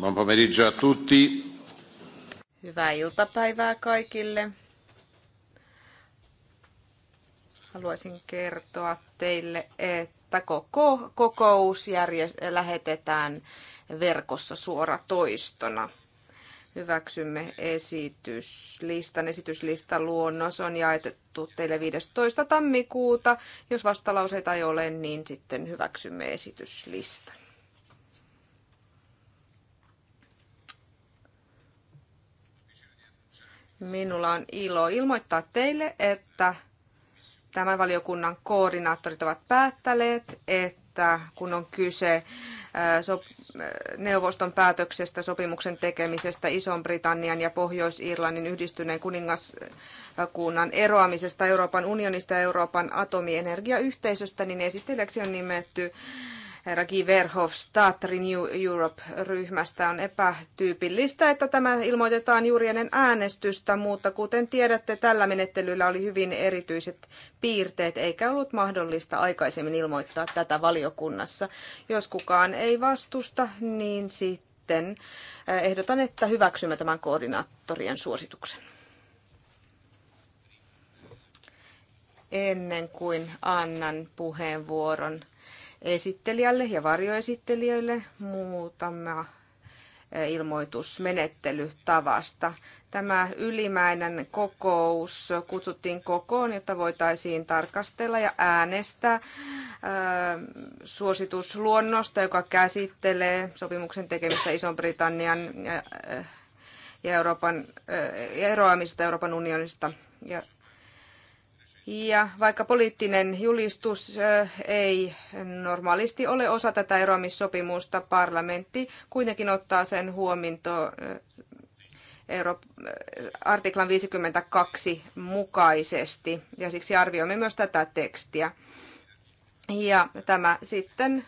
Buon pomeriggio a tutti. Hyvää iltapäivää kaikille. Haluaisin kertoa teille, että koko kokous lähetetään verkossa suoratoistona. Hyväksymme esityslistan. Esityslistan luonnos on jaettu teille 15. tammikuuta. Jos vastalauseita ei ole, niin sitten hyväksymme esityslistan. Minulla on ilo ilmoittaa teille, että tämän valiokunnan koordinaattorit ovat päättäneet, että kun on kyse äh, äh, neuvoston päätöksestä sopimuksen tekemisestä iso britannian ja Pohjois-Irlannin yhdistyneen kuningaskunnan eroamisesta Euroopan unionista ja Euroopan atomienergiayhteisöstä, niin esittelijäksi on nimetty herra Guy Start Renew Europe-ryhmästä. On epätyypillistä, että tämä ilmoitetaan juuri ennen äänestystä, mutta kuten tiedätte, tällä menettelyllä oli hyvin erityiset piirteet, eikä ollut mahdollista aikaisemmin ilmoittaa tätä valiokunnassa. Jos kukaan ei vastusta, niin sitten eh, ehdotan, että hyväksymme tämän koordinaattorien suosituksen. ennen kuin annan puheenvuoron esittelijälle ja varjoesittelijöille muutama eh, ilmoitusmenettelytavasta. Tämä ylimäinen kokous kutsuttiin kokoon, jotta voitaisiin tarkastella ja äänestää eh, suositusluonnosta, joka käsittelee sopimuksen tekemistä iso britannian eh, ja Euroopan, eroamista Euroopan unionista ja ja vaikka poliittinen julistus ei normaalisti ole osa tätä eroamissopimusta, parlamentti kuitenkin ottaa sen huominto Euro- artiklan 52 mukaisesti. Ja siksi arvioimme myös tätä tekstiä. Ja tämä sitten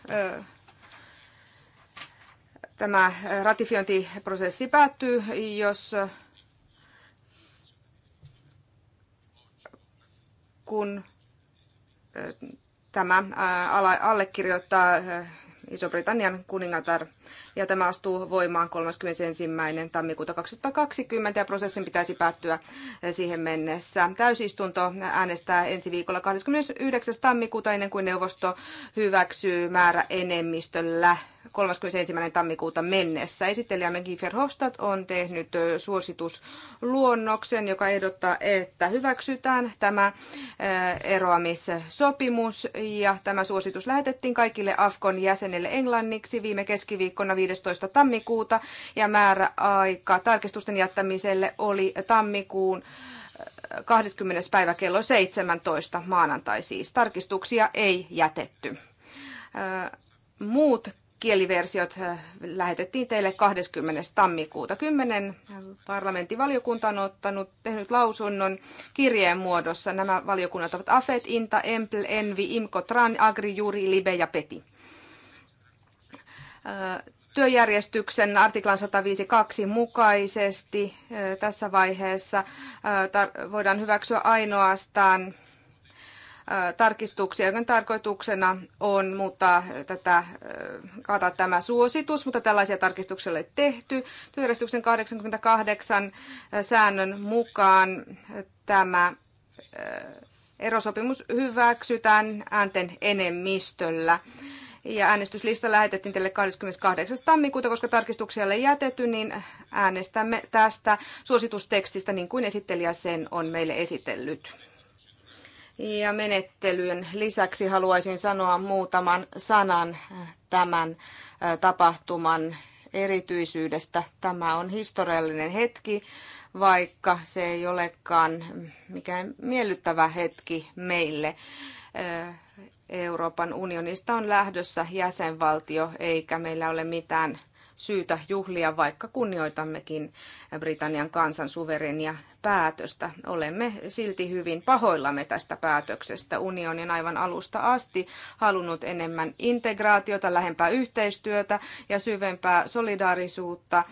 tämä ratifiointiprosessi päättyy, jos kun tämä allekirjoittaa Iso-Britannian kuningatar, ja tämä astuu voimaan 31. tammikuuta 2020, ja prosessin pitäisi päättyä siihen mennessä. Täysistunto äänestää ensi viikolla 29. tammikuuta ennen kuin neuvosto hyväksyy määrä enemmistöllä 31. tammikuuta mennessä. Esittelijä Giefer Verhofstadt on tehnyt suositusluonnoksen, joka ehdottaa, että hyväksytään tämä eh, eroamissopimus, ja tämä suositus lähetettiin kaikille AFKon jäsenille hänelle englanniksi viime keskiviikkona 15. tammikuuta ja määräaika tarkistusten jättämiselle oli tammikuun 20. Äh, päivä kello 17 maanantai siis. Tarkistuksia ei jätetty. Äh, muut kieliversiot äh, lähetettiin teille 20. tammikuuta. 10 parlamenttivaliokunta on ottanut, tehnyt lausunnon kirjeen muodossa. Nämä valiokunnat ovat AFET, INTA, EMPL, ENVI, IMCO, TRAN, AGRI, JURI, LIBE ja PETI työjärjestyksen artiklan 152 mukaisesti tässä vaiheessa voidaan hyväksyä ainoastaan tarkistuksia, joiden tarkoituksena on muuttaa tätä, kaataa tämä suositus, mutta tällaisia tarkistuksia ei tehty. Työjärjestyksen 88 säännön mukaan tämä erosopimus hyväksytään äänten enemmistöllä. Ja äänestyslista lähetettiin teille 28. tammikuuta, koska tarkistuksia ei jätetty, niin äänestämme tästä suositustekstistä niin kuin esittelijä sen on meille esitellyt. Ja menettelyn lisäksi haluaisin sanoa muutaman sanan tämän tapahtuman erityisyydestä. Tämä on historiallinen hetki, vaikka se ei olekaan mikään miellyttävä hetki meille. Euroopan unionista on lähdössä jäsenvaltio, eikä meillä ole mitään syytä juhlia, vaikka kunnioitammekin Britannian kansan suverenia päätöstä. Olemme silti hyvin pahoillamme tästä päätöksestä. Unionin aivan alusta asti halunnut enemmän integraatiota, lähempää yhteistyötä ja syvempää solidaarisuutta äh,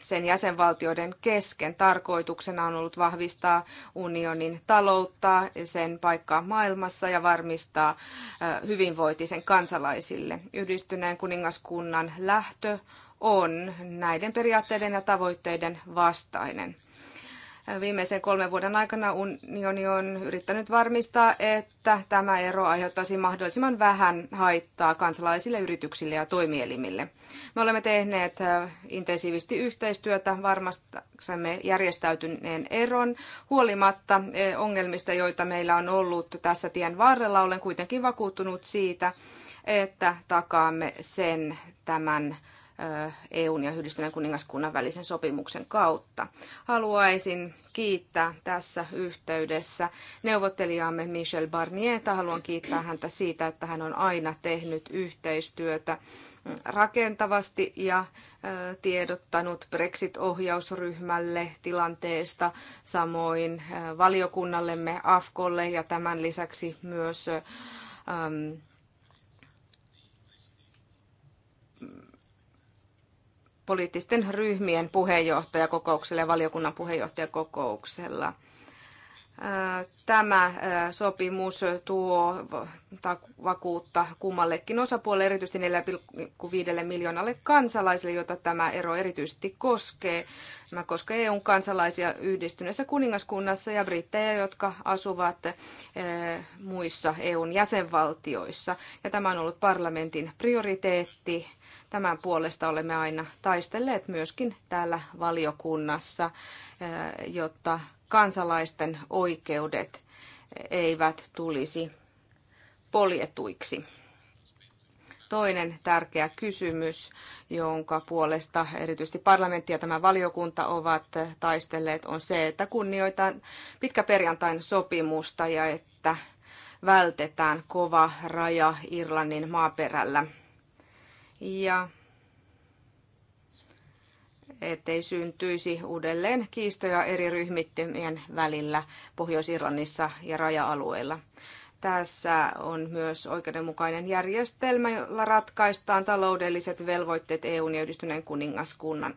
sen jäsenvaltioiden kesken. Tarkoituksena on ollut vahvistaa unionin taloutta, sen paikkaa maailmassa ja varmistaa äh, hyvinvointisen kansalaisille. Yhdistyneen kuningaskunnan lähtö on näiden periaatteiden ja tavoitteiden vastainen. Viimeisen kolmen vuoden aikana unioni on yrittänyt varmistaa, että tämä ero aiheuttaisi mahdollisimman vähän haittaa kansalaisille, yrityksille ja toimielimille. Me olemme tehneet äh, intensiivisesti yhteistyötä varmastaksemme järjestäytyneen eron. Huolimatta äh, ongelmista, joita meillä on ollut tässä tien varrella, olen kuitenkin vakuuttunut siitä, että takaamme sen tämän EUn ja Yhdistyneen kuningaskunnan välisen sopimuksen kautta. Haluaisin kiittää tässä yhteydessä neuvottelijaamme Michel Barnieta. Haluan kiittää häntä siitä, että hän on aina tehnyt yhteistyötä rakentavasti ja tiedottanut Brexit-ohjausryhmälle tilanteesta, samoin valiokunnallemme AFKolle ja tämän lisäksi myös poliittisten ryhmien puheenjohtajakokouksella ja valiokunnan puheenjohtajakokouksella. Äh, tämä äh, sopimus tuo vakuutta kummallekin osapuolelle, erityisesti 4,5 miljoonalle kansalaisille, jota tämä ero erityisesti koskee. Tämä koskee EUn kansalaisia yhdistyneessä kuningaskunnassa ja brittejä, jotka asuvat äh, muissa EUn jäsenvaltioissa. Ja tämä on ollut parlamentin prioriteetti Tämän puolesta olemme aina taistelleet myöskin täällä valiokunnassa, eh, jotta kansalaisten oikeudet eivät tulisi poljetuiksi. Toinen tärkeä kysymys, jonka puolesta erityisesti parlamentti ja tämä valiokunta ovat taistelleet, on se, että kunnioitetaan pitkäperjantain sopimusta ja että vältetään kova raja Irlannin maaperällä ja ettei syntyisi uudelleen kiistoja eri ryhmittymien välillä Pohjois-Irlannissa ja raja-alueilla. Tässä on myös oikeudenmukainen järjestelmä, jolla ratkaistaan taloudelliset velvoitteet EUn ja yhdistyneen kuningaskunnan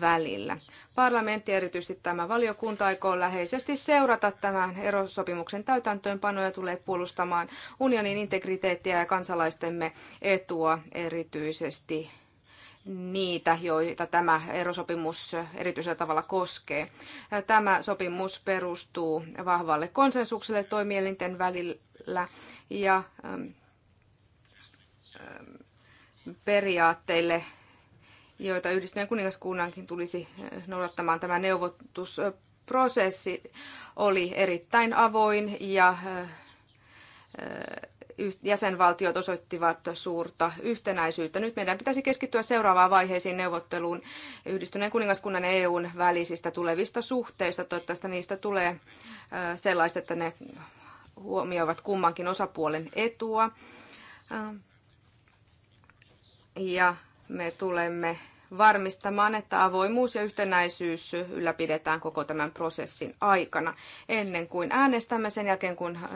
välillä. Parlamentti, erityisesti tämä valiokunta, aikoo läheisesti seurata tämän erosopimuksen täytäntöönpanoja ja tulee puolustamaan unionin integriteettiä ja kansalaistemme etua erityisesti niitä, joita tämä erosopimus erityisellä tavalla koskee. Tämä sopimus perustuu vahvalle konsensukselle toimielinten välillä välillä ja ähm, ähm, periaatteille, joita yhdistyneen kuningaskunnankin tulisi äh, noudattamaan. Tämä neuvotusprosessi oli erittäin avoin ja äh, äh, jäsenvaltiot osoittivat suurta yhtenäisyyttä. Nyt meidän pitäisi keskittyä seuraavaan vaiheisiin neuvotteluun yhdistyneen kuningaskunnan ja EUn välisistä tulevista suhteista. Toivottavasti niistä tulee sellaista, että ne huomioivat kummankin osapuolen etua. Ja me tulemme varmistamaan, että avoimuus ja yhtenäisyys ylläpidetään koko tämän prosessin aikana. Ennen kuin äänestämme, sen jälkeen kun äh,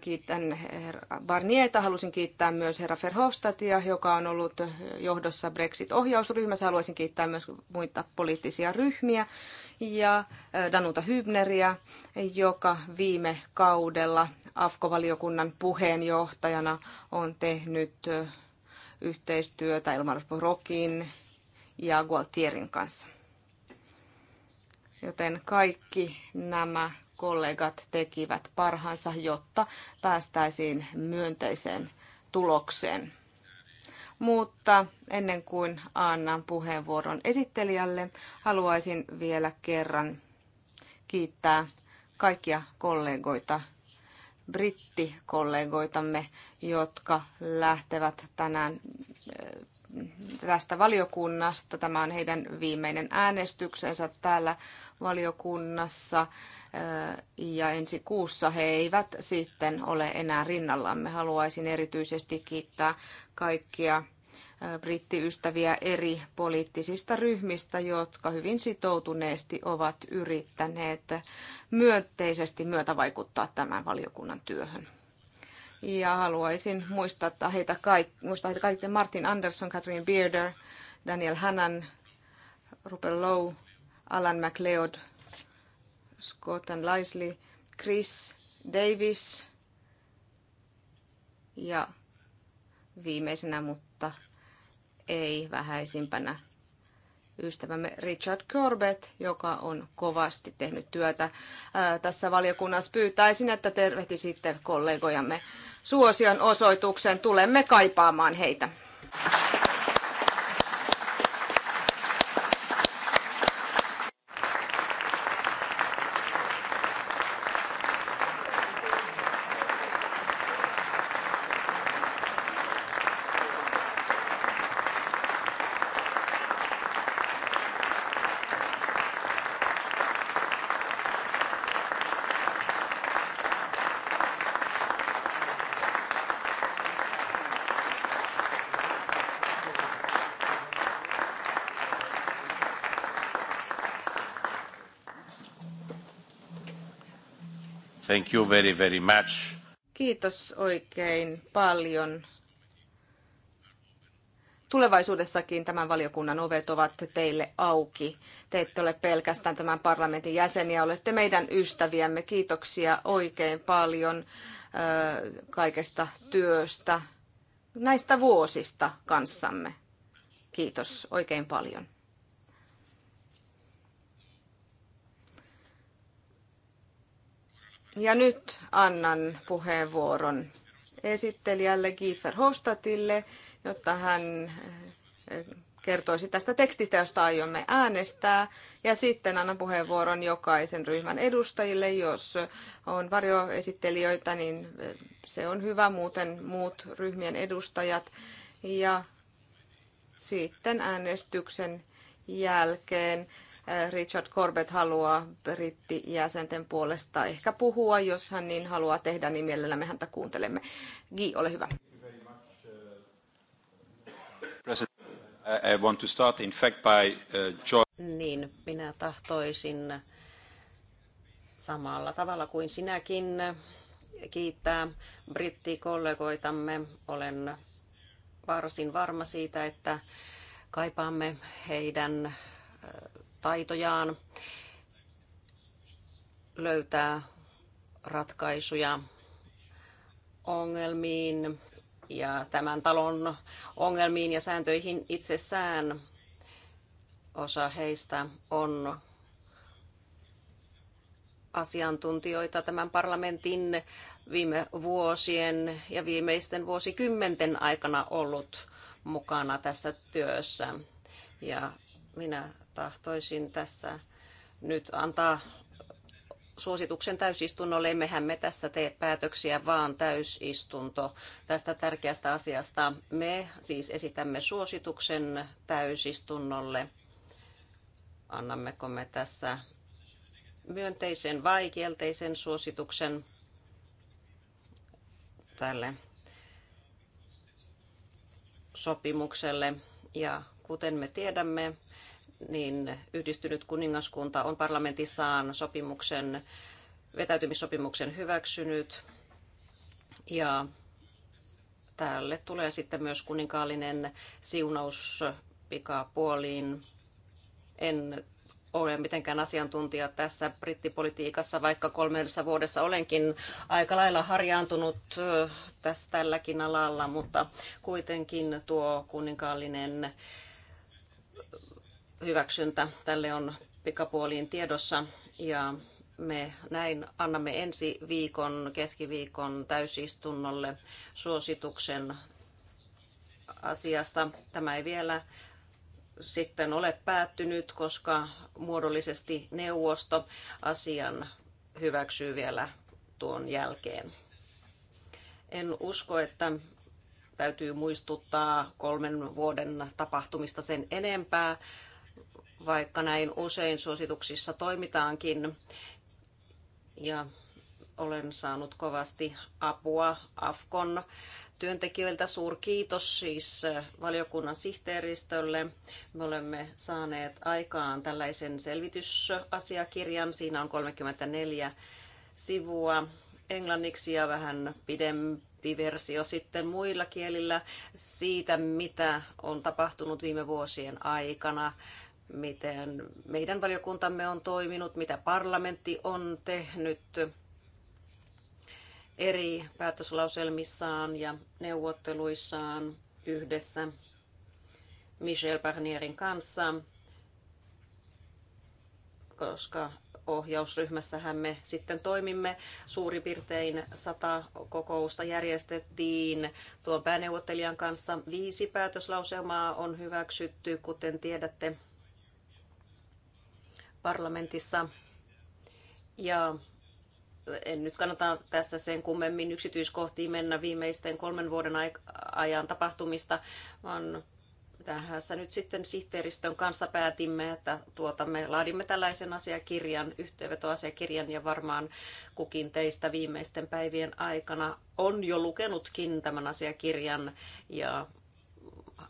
kiitän herra Barnieta, halusin kiittää myös herra Verhofstadtia, joka on ollut johdossa Brexit-ohjausryhmässä. Haluaisin kiittää myös muita poliittisia ryhmiä ja äh, Danuta Hybneriä, joka viime kaudella AFKO-valiokunnan puheenjohtajana on tehnyt äh, yhteistyötä Ilmar Brokin ja Gualtierin kanssa. Joten kaikki nämä kollegat tekivät parhaansa, jotta päästäisiin myönteiseen tulokseen. Mutta ennen kuin annan puheenvuoron esittelijälle, haluaisin vielä kerran kiittää kaikkia kollegoita, brittikollegoitamme, jotka lähtevät tänään tästä valiokunnasta. Tämä on heidän viimeinen äänestyksensä täällä valiokunnassa ja ensi kuussa he eivät sitten ole enää rinnallamme. Haluaisin erityisesti kiittää kaikkia brittiystäviä eri poliittisista ryhmistä, jotka hyvin sitoutuneesti ovat yrittäneet myönteisesti myötävaikuttaa tämän valiokunnan työhön. Ja haluaisin muistaa heitä, kaik- muistaa heitä kaikki. Martin Anderson, Catherine Bearder, Daniel Hannan, Rupert Lowe, Alan MacLeod, Scott and Lisley, Chris Davis ja viimeisenä, mutta ei vähäisimpänä ystävämme Richard Corbett, joka on kovasti tehnyt työtä tässä valiokunnassa. Pyytäisin, että tervehtisitte kollegojamme suosion osoituksen. Tulemme kaipaamaan heitä. you very, very much. Kiitos oikein paljon. Tulevaisuudessakin tämän valiokunnan ovet ovat teille auki. Te ette ole pelkästään tämän parlamentin jäseniä, olette meidän ystäviämme. Kiitoksia oikein paljon kaikesta työstä näistä vuosista kanssamme. Kiitos oikein paljon. Ja nyt annan puheenvuoron esittelijälle Giefer Hostatille, jotta hän eh, kertoisi tästä tekstistä, josta aiomme äänestää. Ja sitten annan puheenvuoron jokaisen ryhmän edustajille. Jos on varjoesittelijöitä, niin eh, se on hyvä, muuten muut ryhmien edustajat. Ja sitten äänestyksen jälkeen Richard Corbett haluaa brittijäsenten puolesta ehkä puhua, jos hän niin haluaa tehdä, niin mielellämme häntä kuuntelemme. Gi, ole hyvä. I want to start in fact by, uh, niin, minä tahtoisin samalla tavalla kuin sinäkin kiittää brittikollegoitamme. Olen varsin varma siitä, että kaipaamme heidän taitojaan löytää ratkaisuja ongelmiin ja tämän talon ongelmiin ja sääntöihin itsessään. Osa heistä on asiantuntijoita tämän parlamentin viime vuosien ja viimeisten vuosikymmenten aikana ollut mukana tässä työssä. Ja minä tahtoisin tässä nyt antaa suosituksen täysistunnolle. Emmehän me tässä tee päätöksiä, vaan täysistunto tästä tärkeästä asiasta. Me siis esitämme suosituksen täysistunnolle. Annammeko me tässä myönteisen vai kielteisen suosituksen tälle sopimukselle? Ja kuten me tiedämme, niin yhdistynyt kuningaskunta on parlamentissaan sopimuksen, vetäytymissopimuksen hyväksynyt. Ja tälle tulee sitten myös kuninkaallinen siunaus pikapuoliin. En ole mitenkään asiantuntija tässä brittipolitiikassa, vaikka kolmessa vuodessa olenkin aika lailla harjaantunut tässä tälläkin alalla, mutta kuitenkin tuo kuninkaallinen hyväksyntä tälle on pikapuoliin tiedossa ja me näin annamme ensi viikon keskiviikon täysistunnolle suosituksen asiasta. Tämä ei vielä sitten ole päättynyt, koska muodollisesti neuvosto asian hyväksyy vielä tuon jälkeen. En usko, että täytyy muistuttaa kolmen vuoden tapahtumista sen enempää vaikka näin usein suosituksissa toimitaankin. Ja olen saanut kovasti apua Afkon työntekijöiltä. Suurkiitos siis valiokunnan sihteeristölle. Me olemme saaneet aikaan tällaisen selvitysasiakirjan. Siinä on 34 sivua englanniksi ja vähän pidempi versio sitten muilla kielillä siitä, mitä on tapahtunut viime vuosien aikana miten meidän valiokuntamme on toiminut, mitä parlamentti on tehnyt eri päätöslauselmissaan ja neuvotteluissaan yhdessä Michel Barnierin kanssa, koska ohjausryhmässähän me sitten toimimme. Suurin piirtein sata kokousta järjestettiin tuon pääneuvottelijan kanssa. Viisi päätöslauselmaa on hyväksytty, kuten tiedätte parlamentissa. Ja en nyt kannata tässä sen kummemmin yksityiskohtiin mennä viimeisten kolmen vuoden ajan tapahtumista, vaan tässä nyt sitten sihteeristön kanssa päätimme, että tuota, me laadimme tällaisen asiakirjan, yhteenvetoasiakirjan ja varmaan kukin teistä viimeisten päivien aikana on jo lukenutkin tämän asiakirjan ja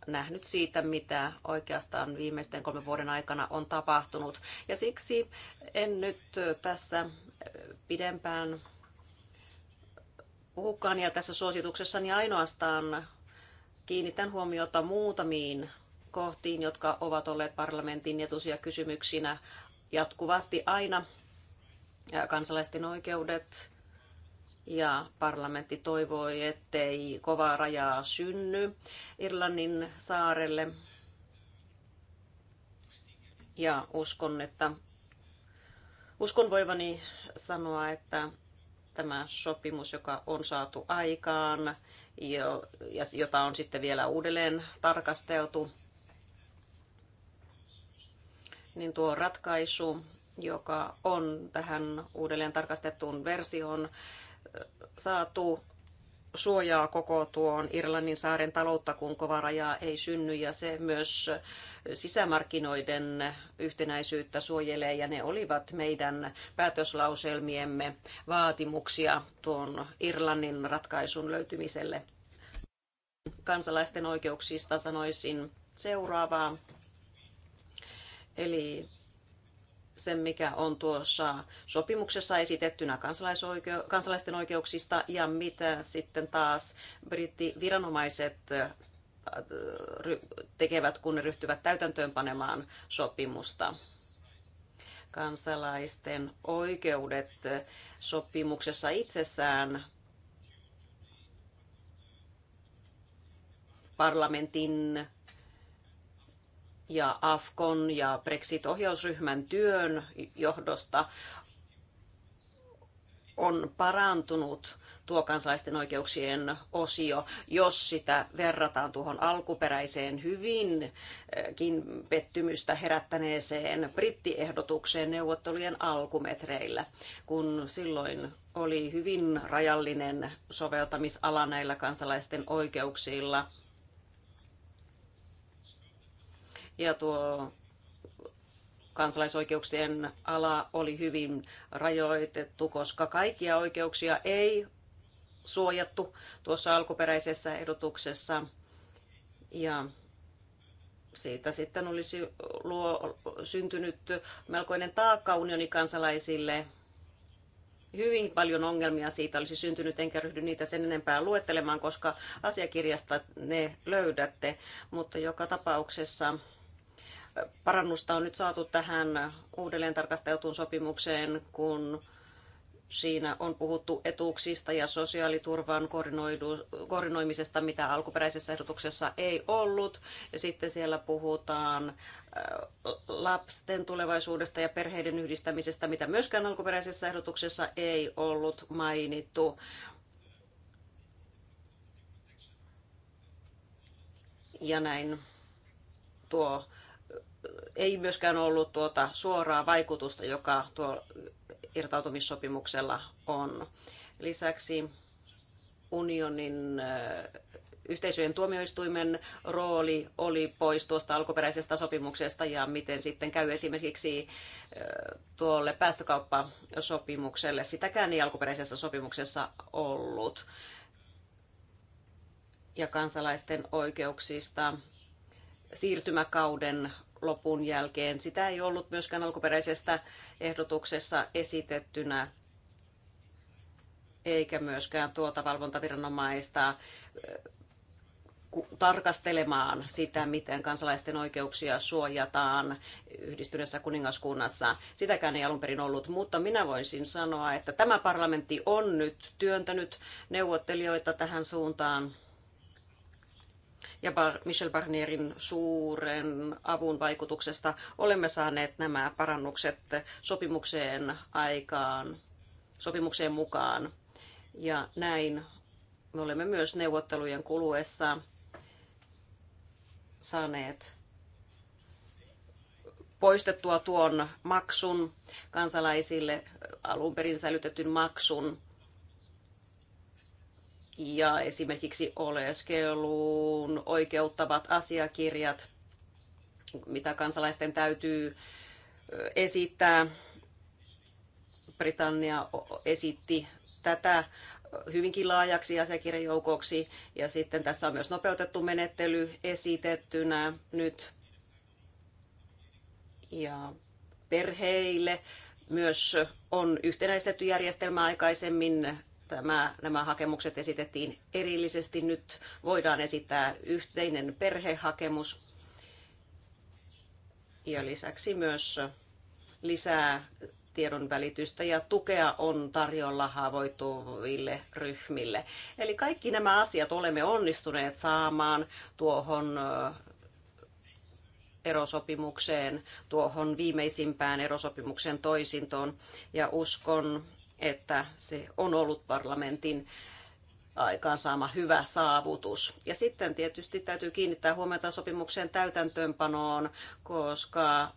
nähnyt siitä, mitä oikeastaan viimeisten kolmen vuoden aikana on tapahtunut. Ja siksi en nyt tässä pidempään puhukaan ja tässä suosituksessani ainoastaan kiinnitän huomiota muutamiin kohtiin, jotka ovat olleet parlamentin etusia kysymyksinä jatkuvasti aina. Kansalaisten oikeudet, ja parlamentti toivoi, ettei kovaa rajaa synny Irlannin saarelle. Ja uskon, että uskon voivani sanoa, että tämä sopimus, joka on saatu aikaan jo, ja jota on sitten vielä uudelleen tarkasteltu, niin tuo ratkaisu, joka on tähän uudelleen tarkastettuun versioon saatu suojaa koko tuon Irlannin saaren taloutta, kun kova rajaa ei synny ja se myös sisämarkkinoiden yhtenäisyyttä suojelee ja ne olivat meidän päätöslauselmiemme vaatimuksia tuon Irlannin ratkaisun löytymiselle. Kansalaisten oikeuksista sanoisin seuraavaa. Eli sen, mikä on tuossa sopimuksessa esitettynä kansalaisoikeu- kansalaisten oikeuksista ja mitä sitten taas brittiviranomaiset äh, tekevät, kun ne ryhtyvät täytäntöönpanemaan sopimusta. Kansalaisten oikeudet äh, sopimuksessa itsessään parlamentin ja AFKon ja Brexit-ohjausryhmän työn johdosta on parantunut tuo kansalaisten oikeuksien osio, jos sitä verrataan tuohon alkuperäiseen hyvinkin pettymystä herättäneeseen brittiehdotukseen neuvottelujen alkumetreillä, kun silloin oli hyvin rajallinen soveltamisala näillä kansalaisten oikeuksilla ja tuo kansalaisoikeuksien ala oli hyvin rajoitettu, koska kaikkia oikeuksia ei suojattu tuossa alkuperäisessä ehdotuksessa. Ja siitä sitten olisi luo, syntynyt melkoinen taakka unionin kansalaisille. Hyvin paljon ongelmia siitä olisi syntynyt, enkä ryhdy niitä sen enempää luettelemaan, koska asiakirjasta ne löydätte. Mutta joka tapauksessa parannusta on nyt saatu tähän uudelleen tarkasteltuun sopimukseen, kun siinä on puhuttu etuuksista ja sosiaaliturvan koordinoimisesta, mitä alkuperäisessä ehdotuksessa ei ollut. Ja sitten siellä puhutaan äh, lapsen tulevaisuudesta ja perheiden yhdistämisestä, mitä myöskään alkuperäisessä ehdotuksessa ei ollut mainittu. Ja näin tuo ei myöskään ollut tuota suoraa vaikutusta, joka tuo irtautumissopimuksella on. Lisäksi unionin yhteisöjen tuomioistuimen rooli oli pois tuosta alkuperäisestä sopimuksesta ja miten sitten käy esimerkiksi tuolle päästökauppasopimukselle. Sitäkään ei alkuperäisessä sopimuksessa ollut. Ja kansalaisten oikeuksista siirtymäkauden lopun jälkeen. Sitä ei ollut myöskään alkuperäisestä ehdotuksessa esitettynä eikä myöskään tuota valvontaviranomaista tarkastelemaan sitä, miten kansalaisten oikeuksia suojataan yhdistyneessä kuningaskunnassa. Sitäkään ei alun perin ollut, mutta minä voisin sanoa, että tämä parlamentti on nyt työntänyt neuvottelijoita tähän suuntaan ja Michel Barnierin suuren avun vaikutuksesta olemme saaneet nämä parannukset sopimukseen aikaan, sopimukseen mukaan. Ja näin me olemme myös neuvottelujen kuluessa saaneet poistettua tuon maksun kansalaisille, alun perin säilytetyn maksun ja esimerkiksi oleskeluun oikeuttavat asiakirjat, mitä kansalaisten täytyy esittää. Britannia esitti tätä hyvinkin laajaksi asiakirjajoukoksi ja sitten tässä on myös nopeutettu menettely esitettynä nyt ja perheille myös on yhtenäistetty järjestelmä aikaisemmin tämä, nämä hakemukset esitettiin erillisesti. Nyt voidaan esittää yhteinen perhehakemus ja lisäksi myös lisää tiedon välitystä ja tukea on tarjolla haavoittuville ryhmille. Eli kaikki nämä asiat olemme onnistuneet saamaan tuohon erosopimukseen, tuohon viimeisimpään erosopimuksen toisintoon. Ja uskon, että se on ollut parlamentin aikaansaama hyvä saavutus. Ja sitten tietysti täytyy kiinnittää huomiota sopimuksen täytäntöönpanoon, koska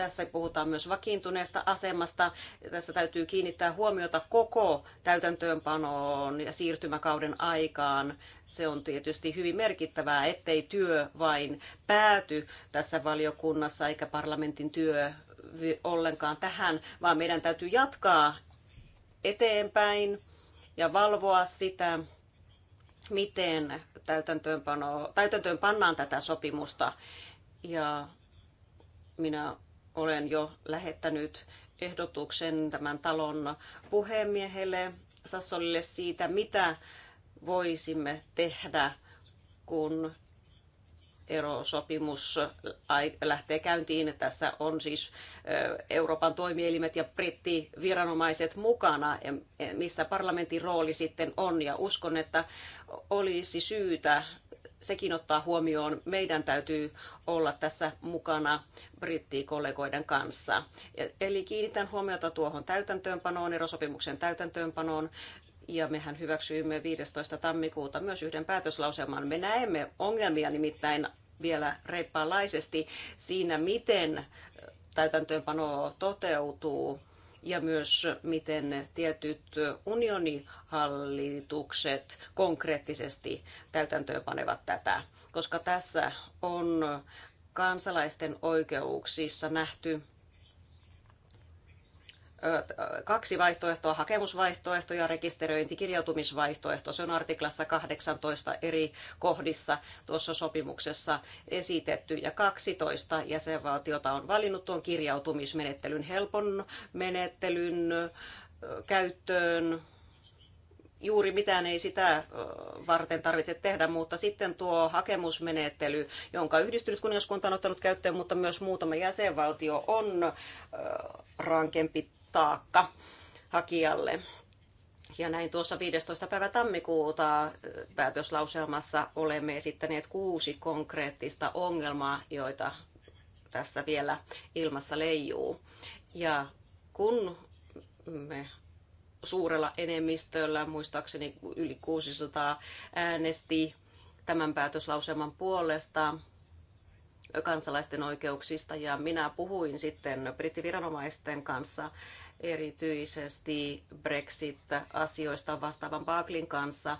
Tässä puhutaan myös vakiintuneesta asemasta. Tässä täytyy kiinnittää huomiota koko täytäntöönpanoon ja siirtymäkauden aikaan. Se on tietysti hyvin merkittävää, ettei työ vain pääty tässä valiokunnassa eikä parlamentin työ ollenkaan tähän, vaan meidän täytyy jatkaa eteenpäin ja valvoa sitä, miten täytäntöönpano, täytäntöön pannaan tätä sopimusta. Ja minä olen jo lähettänyt ehdotuksen tämän talon puhemiehelle Sassolille siitä, mitä voisimme tehdä, kun erosopimus lähtee käyntiin. Tässä on siis Euroopan toimielimet ja brittiviranomaiset mukana, missä parlamentin rooli sitten on. Ja uskon, että olisi syytä sekin ottaa huomioon. Meidän täytyy olla tässä mukana brittikollegoiden kanssa. Eli kiinnitän huomiota tuohon täytäntöönpanoon, erosopimuksen täytäntöönpanoon ja mehän hyväksyimme 15. tammikuuta myös yhden päätöslauselman. Me näemme ongelmia nimittäin vielä reippaalaisesti siinä, miten täytäntöönpano toteutuu ja myös miten tietyt unionihallitukset konkreettisesti täytäntöönpanevat tätä, koska tässä on kansalaisten oikeuksissa nähty kaksi vaihtoehtoa, hakemusvaihtoehto ja rekisteröinti, kirjautumisvaihtoehto. Se on artiklassa 18 eri kohdissa tuossa sopimuksessa esitetty ja 12 jäsenvaltiota on valinnut tuon kirjautumismenettelyn helpon menettelyn käyttöön juuri mitään ei sitä varten tarvitse tehdä, mutta sitten tuo hakemusmenettely, jonka yhdistynyt kuningaskunta on ottanut käyttöön, mutta myös muutama jäsenvaltio on rankempi taakka hakijalle. Ja näin tuossa 15. päivä tammikuuta päätöslauselmassa olemme esittäneet kuusi konkreettista ongelmaa, joita tässä vielä ilmassa leijuu. Ja kun me suurella enemmistöllä, muistaakseni yli 600 äänesti tämän päätöslauselman puolesta, kansalaisten oikeuksista ja minä puhuin sitten brittiviranomaisten kanssa erityisesti Brexit-asioista vastaavan Barklin kanssa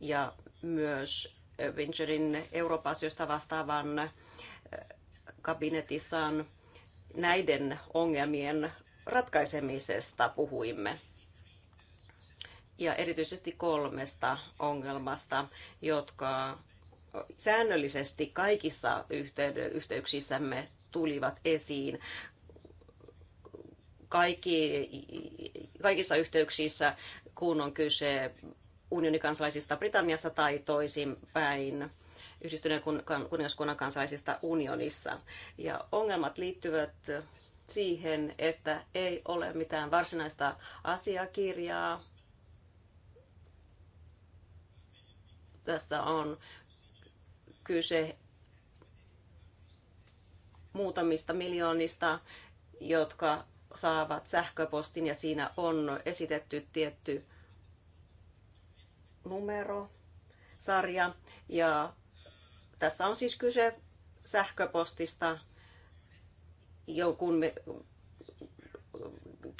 ja myös Vincerin Eurooppa-asioista vastaavan eh, kabinetissaan näiden ongelmien ratkaisemisesta puhuimme. Ja erityisesti kolmesta ongelmasta, jotka säännöllisesti kaikissa yhteyksissämme tulivat esiin kaikki, kaikissa yhteyksissä, kun on kyse unionikansalaisista Britanniassa tai toisinpäin yhdistyneen kuningaskunnan kansalaisista unionissa. Ja ongelmat liittyvät siihen, että ei ole mitään varsinaista asiakirjaa. Tässä on kyse muutamista miljoonista, jotka saavat sähköpostin ja siinä on esitetty tietty numero, sarja. Ja tässä on siis kyse sähköpostista jonkun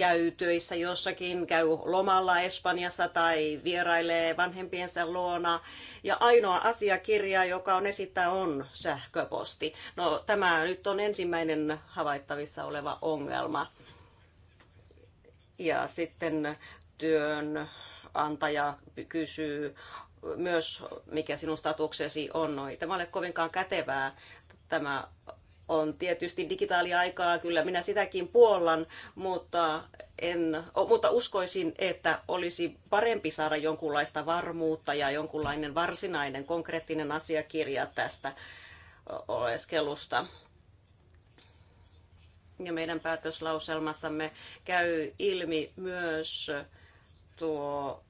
käy töissä jossakin, käy lomalla Espanjassa tai vierailee vanhempiensa luona. Ja ainoa asiakirja, joka on esittää, on sähköposti. No tämä nyt on ensimmäinen havaittavissa oleva ongelma. Ja sitten työnantaja kysyy myös, mikä sinun statuksesi on. No ei tämä ole kovinkaan kätevää tämä on tietysti digitaaliaikaa, kyllä minä sitäkin puollan, mutta, en, mutta uskoisin, että olisi parempi saada jonkunlaista varmuutta ja jonkunlainen varsinainen konkreettinen asiakirja tästä oleskelusta. Ja meidän päätöslauselmassamme käy ilmi myös tuo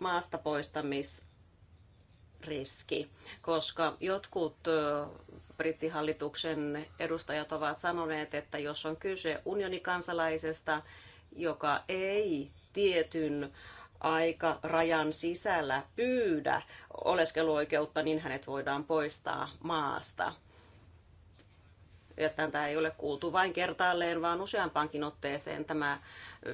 maasta poistamis riski, koska jotkut brittihallituksen edustajat ovat sanoneet, että jos on kyse unionikansalaisesta, joka ei tietyn aika rajan sisällä pyydä oleskeluoikeutta, niin hänet voidaan poistaa maasta tätä ei ole kuultu vain kertaalleen, vaan useampaankin otteeseen tämä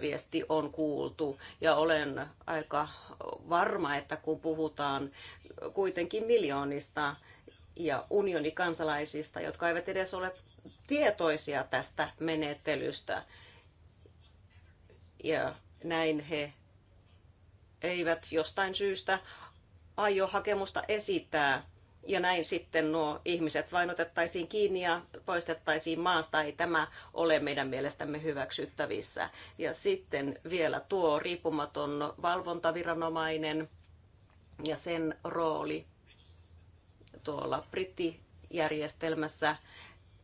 viesti on kuultu. Ja olen aika varma, että kun puhutaan kuitenkin miljoonista ja unionikansalaisista, jotka eivät edes ole tietoisia tästä menettelystä, ja näin he eivät jostain syystä aio hakemusta esittää ja näin sitten nuo ihmiset vain otettaisiin kiinni ja poistettaisiin maasta. Ei tämä ole meidän mielestämme hyväksyttävissä. Ja sitten vielä tuo riippumaton valvontaviranomainen ja sen rooli tuolla brittijärjestelmässä.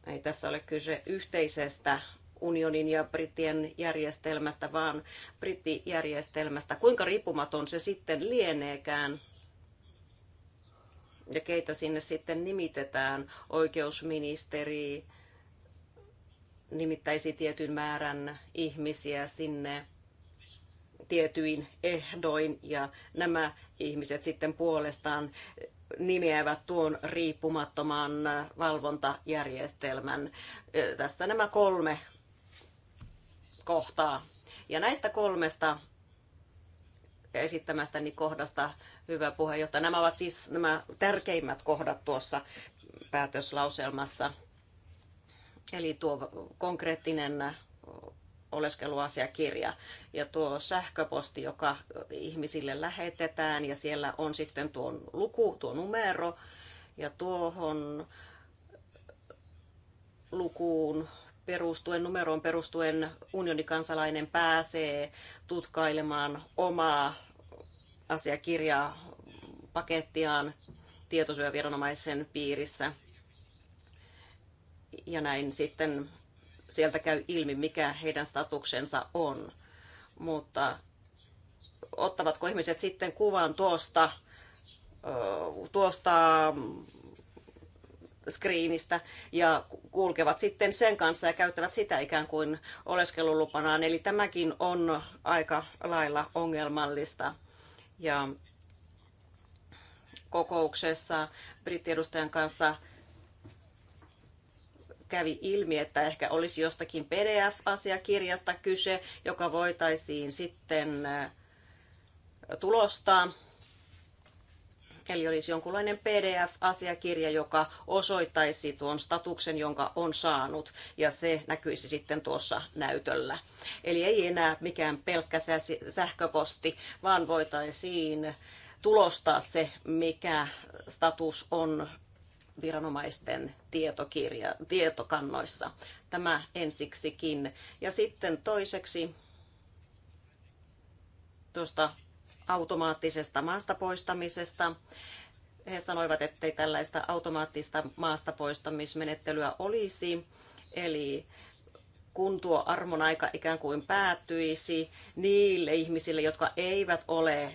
Ei tässä ole kyse yhteisestä unionin ja brittien järjestelmästä, vaan brittijärjestelmästä. Kuinka riippumaton se sitten lieneekään? ja keitä sinne sitten nimitetään. Oikeusministeri nimittäisi tietyn määrän ihmisiä sinne tietyin ehdoin ja nämä ihmiset sitten puolestaan nimeävät tuon riippumattoman valvontajärjestelmän. Tässä nämä kolme kohtaa. Ja näistä kolmesta esittämästäni kohdasta hyvä puheenjohtaja. Nämä ovat siis nämä tärkeimmät kohdat tuossa päätöslauselmassa. Eli tuo konkreettinen oleskeluasiakirja ja tuo sähköposti, joka ihmisille lähetetään ja siellä on sitten tuo luku, tuo numero ja tuohon lukuun perustuen, numeroon perustuen unionikansalainen pääsee tutkailemaan omaa asiakirjaa pakettiaan tietosyöviranomaisen piirissä. Ja näin sitten sieltä käy ilmi, mikä heidän statuksensa on. Mutta ottavatko ihmiset sitten kuvan tuosta, tuosta screenistä ja kulkevat sitten sen kanssa ja käyttävät sitä ikään kuin oleskelulupanaan. Eli tämäkin on aika lailla ongelmallista. Ja kokouksessa brittiedustajan kanssa kävi ilmi, että ehkä olisi jostakin PDF-asiakirjasta kyse, joka voitaisiin sitten tulostaa Eli olisi jonkunlainen PDF-asiakirja, joka osoittaisi tuon statuksen, jonka on saanut, ja se näkyisi sitten tuossa näytöllä. Eli ei enää mikään pelkkä sähköposti, vaan voitaisiin tulostaa se, mikä status on viranomaisten tietokirja, tietokannoissa. Tämä ensiksikin. Ja sitten toiseksi tuosta automaattisesta maasta poistamisesta. He sanoivat, ettei tällaista automaattista maasta poistamismenettelyä olisi, eli kun tuo armon aika ikään kuin päättyisi niille ihmisille, jotka eivät ole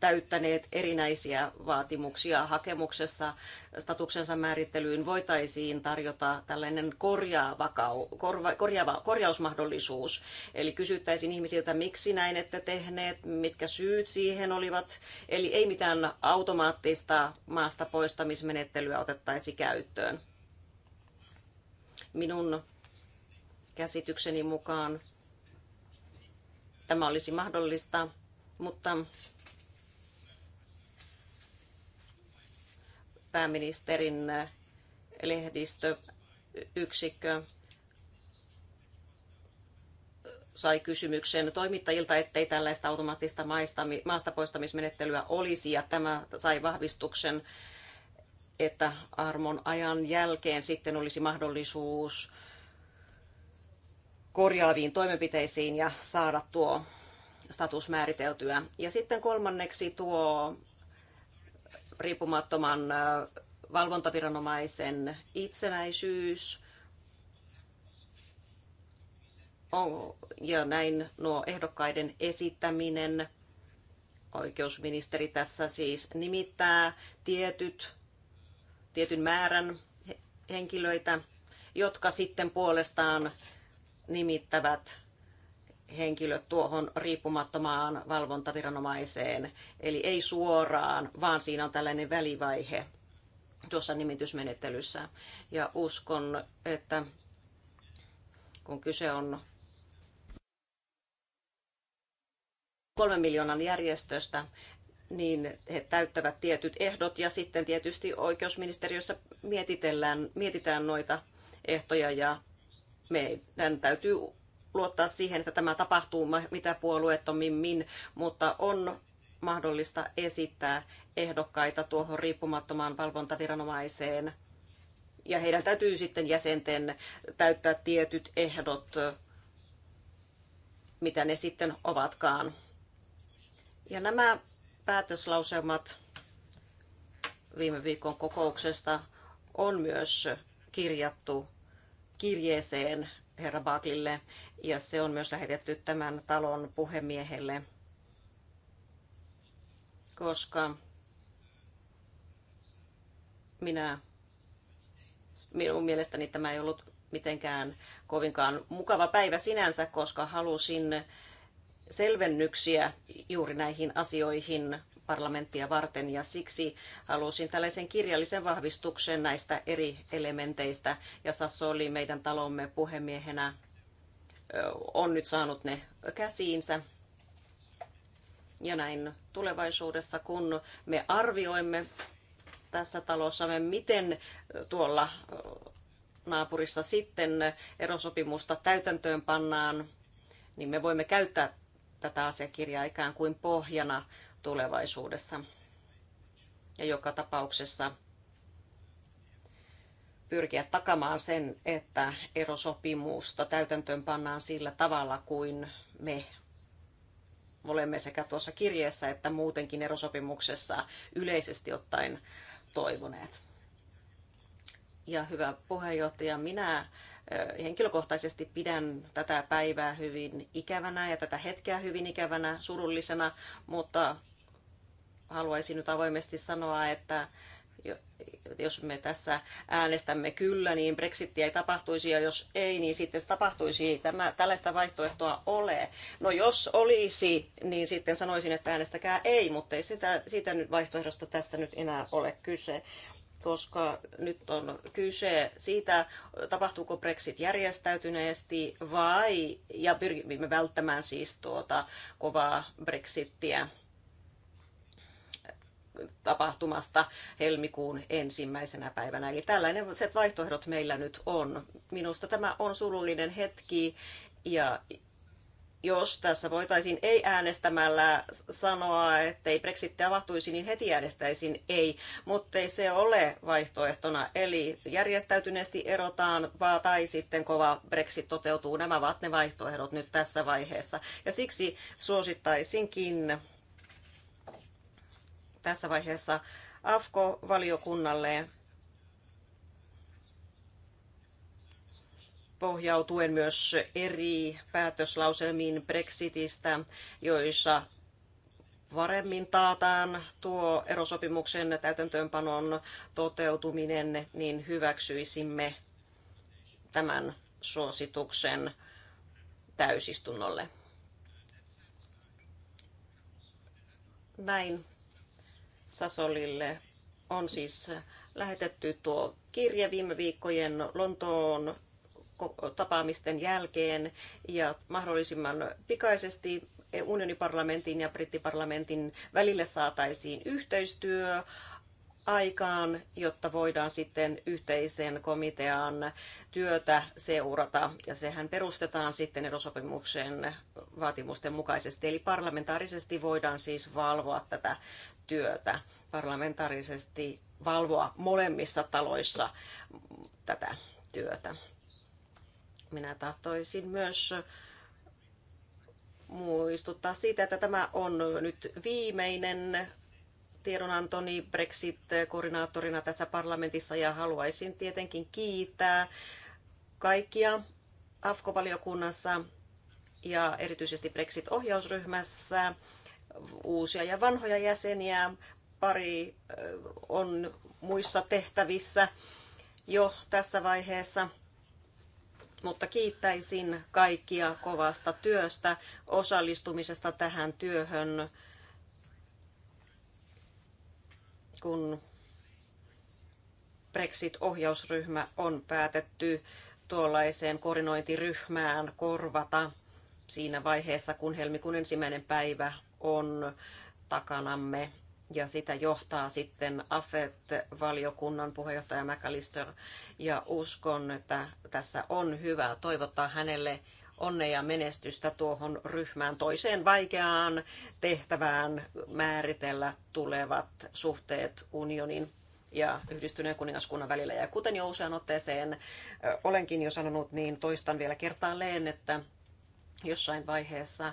täyttäneet erinäisiä vaatimuksia hakemuksessa statuksensa määrittelyyn, voitaisiin tarjota tällainen korjaava, korva, korjaava, korjausmahdollisuus. Eli kysyttäisiin ihmisiltä, miksi näin ette tehneet, mitkä syyt siihen olivat. Eli ei mitään automaattista maasta poistamismenettelyä otettaisi käyttöön. Minun käsitykseni mukaan tämä olisi mahdollista, mutta pääministerin lehdistöyksikkö sai kysymyksen toimittajilta, ettei tällaista automaattista maasta poistamismenettelyä olisi, ja tämä sai vahvistuksen, että armon ajan jälkeen sitten olisi mahdollisuus korjaaviin toimenpiteisiin ja saada tuo status määriteltyä. Ja sitten kolmanneksi tuo riippumattoman valvontaviranomaisen itsenäisyys. Ja näin nuo ehdokkaiden esittäminen. Oikeusministeri tässä siis nimittää tietyt, tietyn määrän henkilöitä, jotka sitten puolestaan nimittävät henkilöt tuohon riippumattomaan valvontaviranomaiseen, eli ei suoraan, vaan siinä on tällainen välivaihe tuossa nimitysmenettelyssä. Ja uskon, että kun kyse on kolmen miljoonan järjestöstä, niin he täyttävät tietyt ehdot ja sitten tietysti oikeusministeriössä mietitellään, mietitään noita ehtoja ja meidän täytyy luottaa siihen, että tämä tapahtuu mitä puolueettomimmin, mutta on mahdollista esittää ehdokkaita tuohon riippumattomaan valvontaviranomaiseen. Ja heidän täytyy sitten jäsenten täyttää tietyt ehdot, mitä ne sitten ovatkaan. Ja nämä päätöslauselmat viime viikon kokouksesta on myös kirjattu kirjeeseen herra Baglille ja se on myös lähetetty tämän talon puhemiehelle, koska minä, minun mielestäni tämä ei ollut mitenkään kovinkaan mukava päivä sinänsä, koska halusin selvennyksiä juuri näihin asioihin parlamenttia varten ja siksi halusin tällaisen kirjallisen vahvistuksen näistä eri elementeistä ja oli meidän talomme puhemiehenä on nyt saanut ne käsiinsä. Ja näin tulevaisuudessa, kun me arvioimme tässä talossa, miten tuolla naapurissa sitten erosopimusta täytäntöön pannaan, niin me voimme käyttää tätä asiakirjaa ikään kuin pohjana tulevaisuudessa. Ja joka tapauksessa pyrkiä takamaan sen, että erosopimusta täytäntöön pannaan sillä tavalla kuin me olemme sekä tuossa kirjeessä että muutenkin erosopimuksessa yleisesti ottaen toivoneet. Ja hyvä puheenjohtaja, minä henkilökohtaisesti pidän tätä päivää hyvin ikävänä ja tätä hetkeä hyvin ikävänä, surullisena, mutta haluaisin nyt avoimesti sanoa, että jos me tässä äänestämme kyllä, niin brexittiä ei tapahtuisi, ja jos ei, niin sitten se tapahtuisi. Tämä, tällaista vaihtoehtoa ole. No jos olisi, niin sitten sanoisin, että äänestäkää ei, mutta ei sitä, siitä nyt vaihtoehdosta tässä nyt enää ole kyse koska nyt on kyse siitä, tapahtuuko Brexit järjestäytyneesti vai, ja pyrimme välttämään siis tuota kovaa Brexittiä tapahtumasta helmikuun ensimmäisenä päivänä. Eli tällaiset vaihtoehdot meillä nyt on. Minusta tämä on surullinen hetki ja jos tässä voitaisiin ei äänestämällä sanoa, että ei Brexit tapahtuisi, niin heti äänestäisin ei, mutta ei se ole vaihtoehtona. Eli järjestäytyneesti erotaan vaan tai sitten kova Brexit toteutuu. Nämä ovat ne vaihtoehdot nyt tässä vaiheessa. Ja siksi suosittaisinkin tässä vaiheessa AFKO-valiokunnalle pohjautuen myös eri päätöslauselmiin Brexitistä, joissa paremmin taataan tuo erosopimuksen täytäntöönpanon toteutuminen, niin hyväksyisimme tämän suosituksen täysistunnolle. Näin Sasolille on siis lähetetty tuo kirje viime viikkojen Lontoon tapaamisten jälkeen ja mahdollisimman pikaisesti unionin parlamentin ja brittiparlamentin välille saataisiin yhteistyö aikaan, jotta voidaan sitten yhteisen komitean työtä seurata. Ja sehän perustetaan sitten erosopimuksen vaatimusten mukaisesti. Eli parlamentaarisesti voidaan siis valvoa tätä työtä. Parlamentaarisesti valvoa molemmissa taloissa tätä työtä. Minä tahtoisin myös muistuttaa siitä, että tämä on nyt viimeinen tiedonantoni Brexit-koordinaattorina tässä parlamentissa ja haluaisin tietenkin kiittää kaikkia AFKO-valiokunnassa ja erityisesti Brexit-ohjausryhmässä uusia ja vanhoja jäseniä. Pari on muissa tehtävissä jo tässä vaiheessa, mutta kiittäisin kaikkia kovasta työstä, osallistumisesta tähän työhön kun Brexit-ohjausryhmä on päätetty tuollaiseen koordinointiryhmään korvata siinä vaiheessa, kun helmikuun ensimmäinen päivä on takanamme. Ja sitä johtaa sitten AFET-valiokunnan puheenjohtaja McAllister. Ja uskon, että tässä on hyvä toivottaa hänelle onnea ja menestystä tuohon ryhmään toiseen vaikeaan tehtävään määritellä tulevat suhteet unionin ja yhdistyneen kuningaskunnan välillä. Ja kuten jo usean otteeseen olenkin jo sanonut, niin toistan vielä kertaalleen, että jossain vaiheessa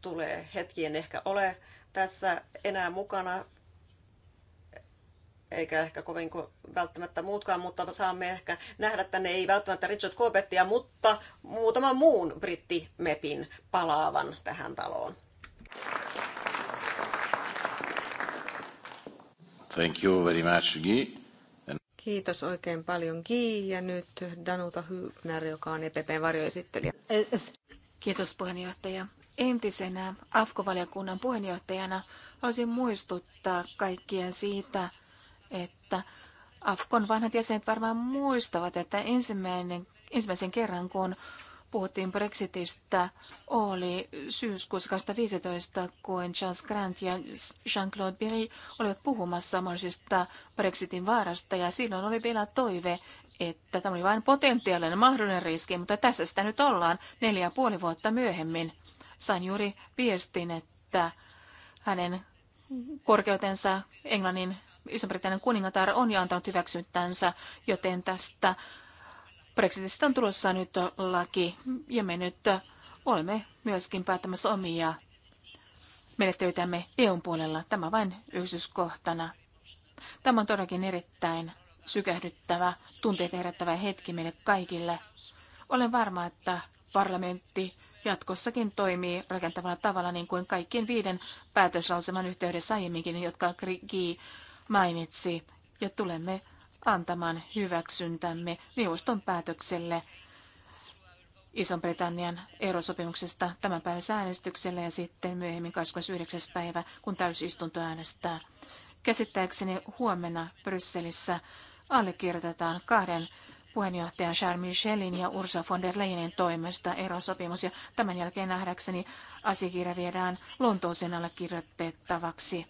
tulee hetki, en ehkä ole tässä enää mukana eikä ehkä kovin kuin välttämättä muutkaan, mutta saamme ehkä nähdä tänne ei välttämättä Richard Corbettia, mutta muutaman muun brittimepin palaavan tähän taloon. Thank you very much, Guy. And... Kiitos oikein paljon Gi ja nyt Danuta Hübner, joka on EPPn varjoesittelijä. Kiitos puheenjohtaja. Entisenä AFKO-valiokunnan puheenjohtajana haluaisin muistuttaa kaikkia siitä, että Afkon vanhat jäsenet varmaan muistavat, että ensimmäinen, ensimmäisen kerran, kun puhuttiin Brexitistä, oli syyskuussa 2015, kun Charles Grant ja Jean-Claude Berry olivat puhumassa mahdollisesta Brexitin vaarasta, ja silloin oli vielä toive, että tämä oli vain potentiaalinen mahdollinen riski, mutta tässä sitä nyt ollaan neljä ja puoli vuotta myöhemmin. Sain juuri viestin, että hänen korkeutensa Englannin Iso-Britannian kuningatar on jo antanut hyväksyntänsä, joten tästä Brexitistä on tulossa nyt laki ja me nyt olemme myöskin päättämässä omia menettelytämme EUn puolella. Tämä vain yksityiskohtana. Tämä on todellakin erittäin sykähdyttävä, tunteet herättävä hetki meille kaikille. Olen varma, että parlamentti jatkossakin toimii rakentavalla tavalla niin kuin kaikkien viiden päätöslauseman yhteydessä aiemminkin, jotka Grigi mainitsi, ja tulemme antamaan hyväksyntämme neuvoston päätökselle Ison-Britannian erosopimuksesta tämän päivän äänestyksellä ja sitten myöhemmin 29. päivä, kun täysistunto äänestää. Käsittääkseni huomenna Brysselissä allekirjoitetaan kahden puheenjohtajan Charles Michelin ja Ursula von der Leyenin toimesta erosopimus ja tämän jälkeen nähdäkseni asiakirja viedään Lontooseen allekirjoitettavaksi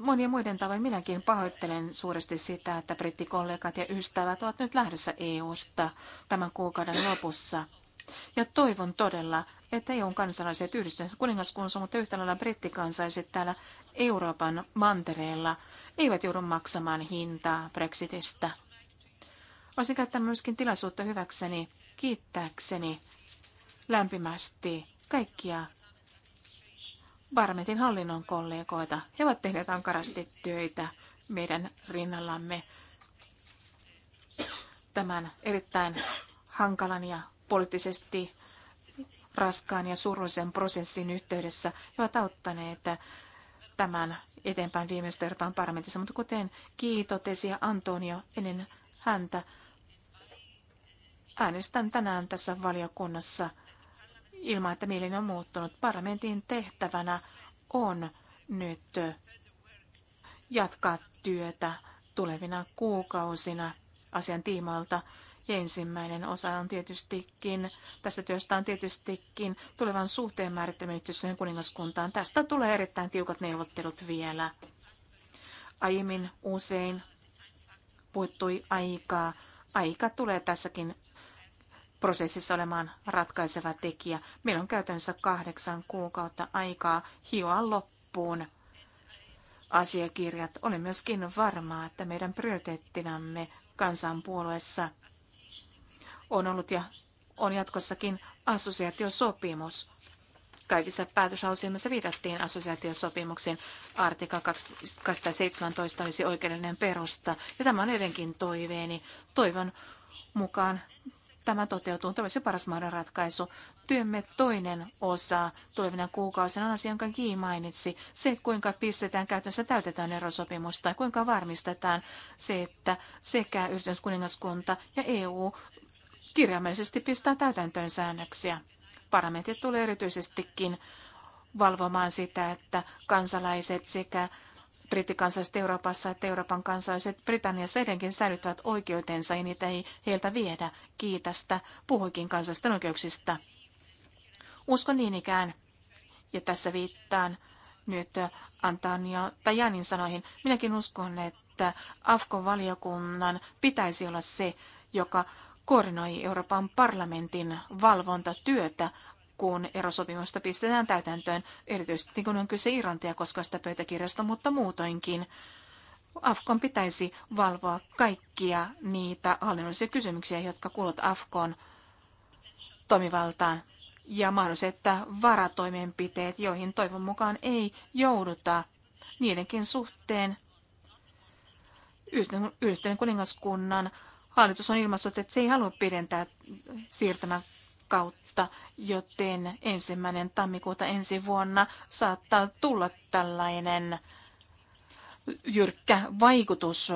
monien muiden tavoin minäkin pahoittelen suuresti sitä, että brittikollegat ja ystävät ovat nyt lähdössä EU-sta tämän kuukauden lopussa. Ja toivon todella, että EUn kansalaiset yhdistyneessä kuningaskunnassa, mutta yhtä lailla brittikansalaiset täällä Euroopan mantereella eivät joudu maksamaan hintaa Brexitistä. Olisin käyttää myöskin tilaisuutta hyväkseni, kiittääkseni lämpimästi kaikkia Barmetin hallinnon kollegoita. He ovat tehneet ankarasti töitä meidän rinnallamme tämän erittäin hankalan ja poliittisesti raskaan ja surullisen prosessin yhteydessä. He ovat auttaneet tämän eteenpäin viimeistä Euroopan parlamentissa, mutta kuten kiitotesi Antonio ennen häntä, äänestän tänään tässä valiokunnassa – ilman, että mielin on muuttunut. Parlamentin tehtävänä on nyt jatkaa työtä tulevina kuukausina asian tiimoilta. Ja ensimmäinen osa on tietystikin, tässä työstä on tietystikin tulevan suhteen määrittelemään yhteistyön kuningaskuntaan. Tästä tulee erittäin tiukat neuvottelut vielä. Aiemmin usein puuttui aikaa. Aika tulee tässäkin prosessissa olemaan ratkaiseva tekijä. Meillä on käytännössä kahdeksan kuukautta aikaa hioa loppuun asiakirjat. Olen myöskin varmaa, että meidän prioriteettinamme kansanpuolueessa on ollut ja on jatkossakin assosiaatiosopimus. Kaikissa päätöslauselmissa viitattiin assosiaatiosopimuksen artikla 217 olisi oikeudellinen perusta, ja tämä on edenkin toiveeni. Toivon mukaan tämä toteutuu. Tämä se paras mahdollinen ratkaisu. Työmme toinen osa tulevina kuukausina on asia, jonka Ki mainitsi. Se, kuinka pistetään käytännössä täytetään erosopimusta tai kuinka varmistetaan se, että sekä yhdistyskuningaskunta ja EU kirjaimellisesti pistää täytäntöön säännöksiä. Parlamentit tulee erityisestikin valvomaan sitä, että kansalaiset sekä brittikansalaiset Euroopassa että Euroopan kansalaiset Britanniassa edenkin säilyttävät oikeutensa ja niitä ei heiltä viedä. Kiitästä puhuikin kansallisten oikeuksista. Uskon niin ikään, ja tässä viittaan nyt Antonio Tajanin sanoihin. Minäkin uskon, että Afkon valiokunnan pitäisi olla se, joka koordinoi Euroopan parlamentin valvontatyötä kun erosopimusta pistetään täytäntöön, erityisesti kun on kyse Irlantia koskevasta pöytäkirjasta, mutta muutoinkin. Afkon pitäisi valvoa kaikkia niitä hallinnollisia kysymyksiä, jotka kuuluvat Afkon toimivaltaan ja mahdolliset varatoimenpiteet, joihin toivon mukaan ei jouduta niidenkin suhteen. Yhdistyneen kuningaskunnan hallitus on ilmaissut, että se ei halua pidentää siirtämän kautta sopimusta, joten ensimmäinen tammikuuta ensi vuonna saattaa tulla tällainen jyrkkä vaikutus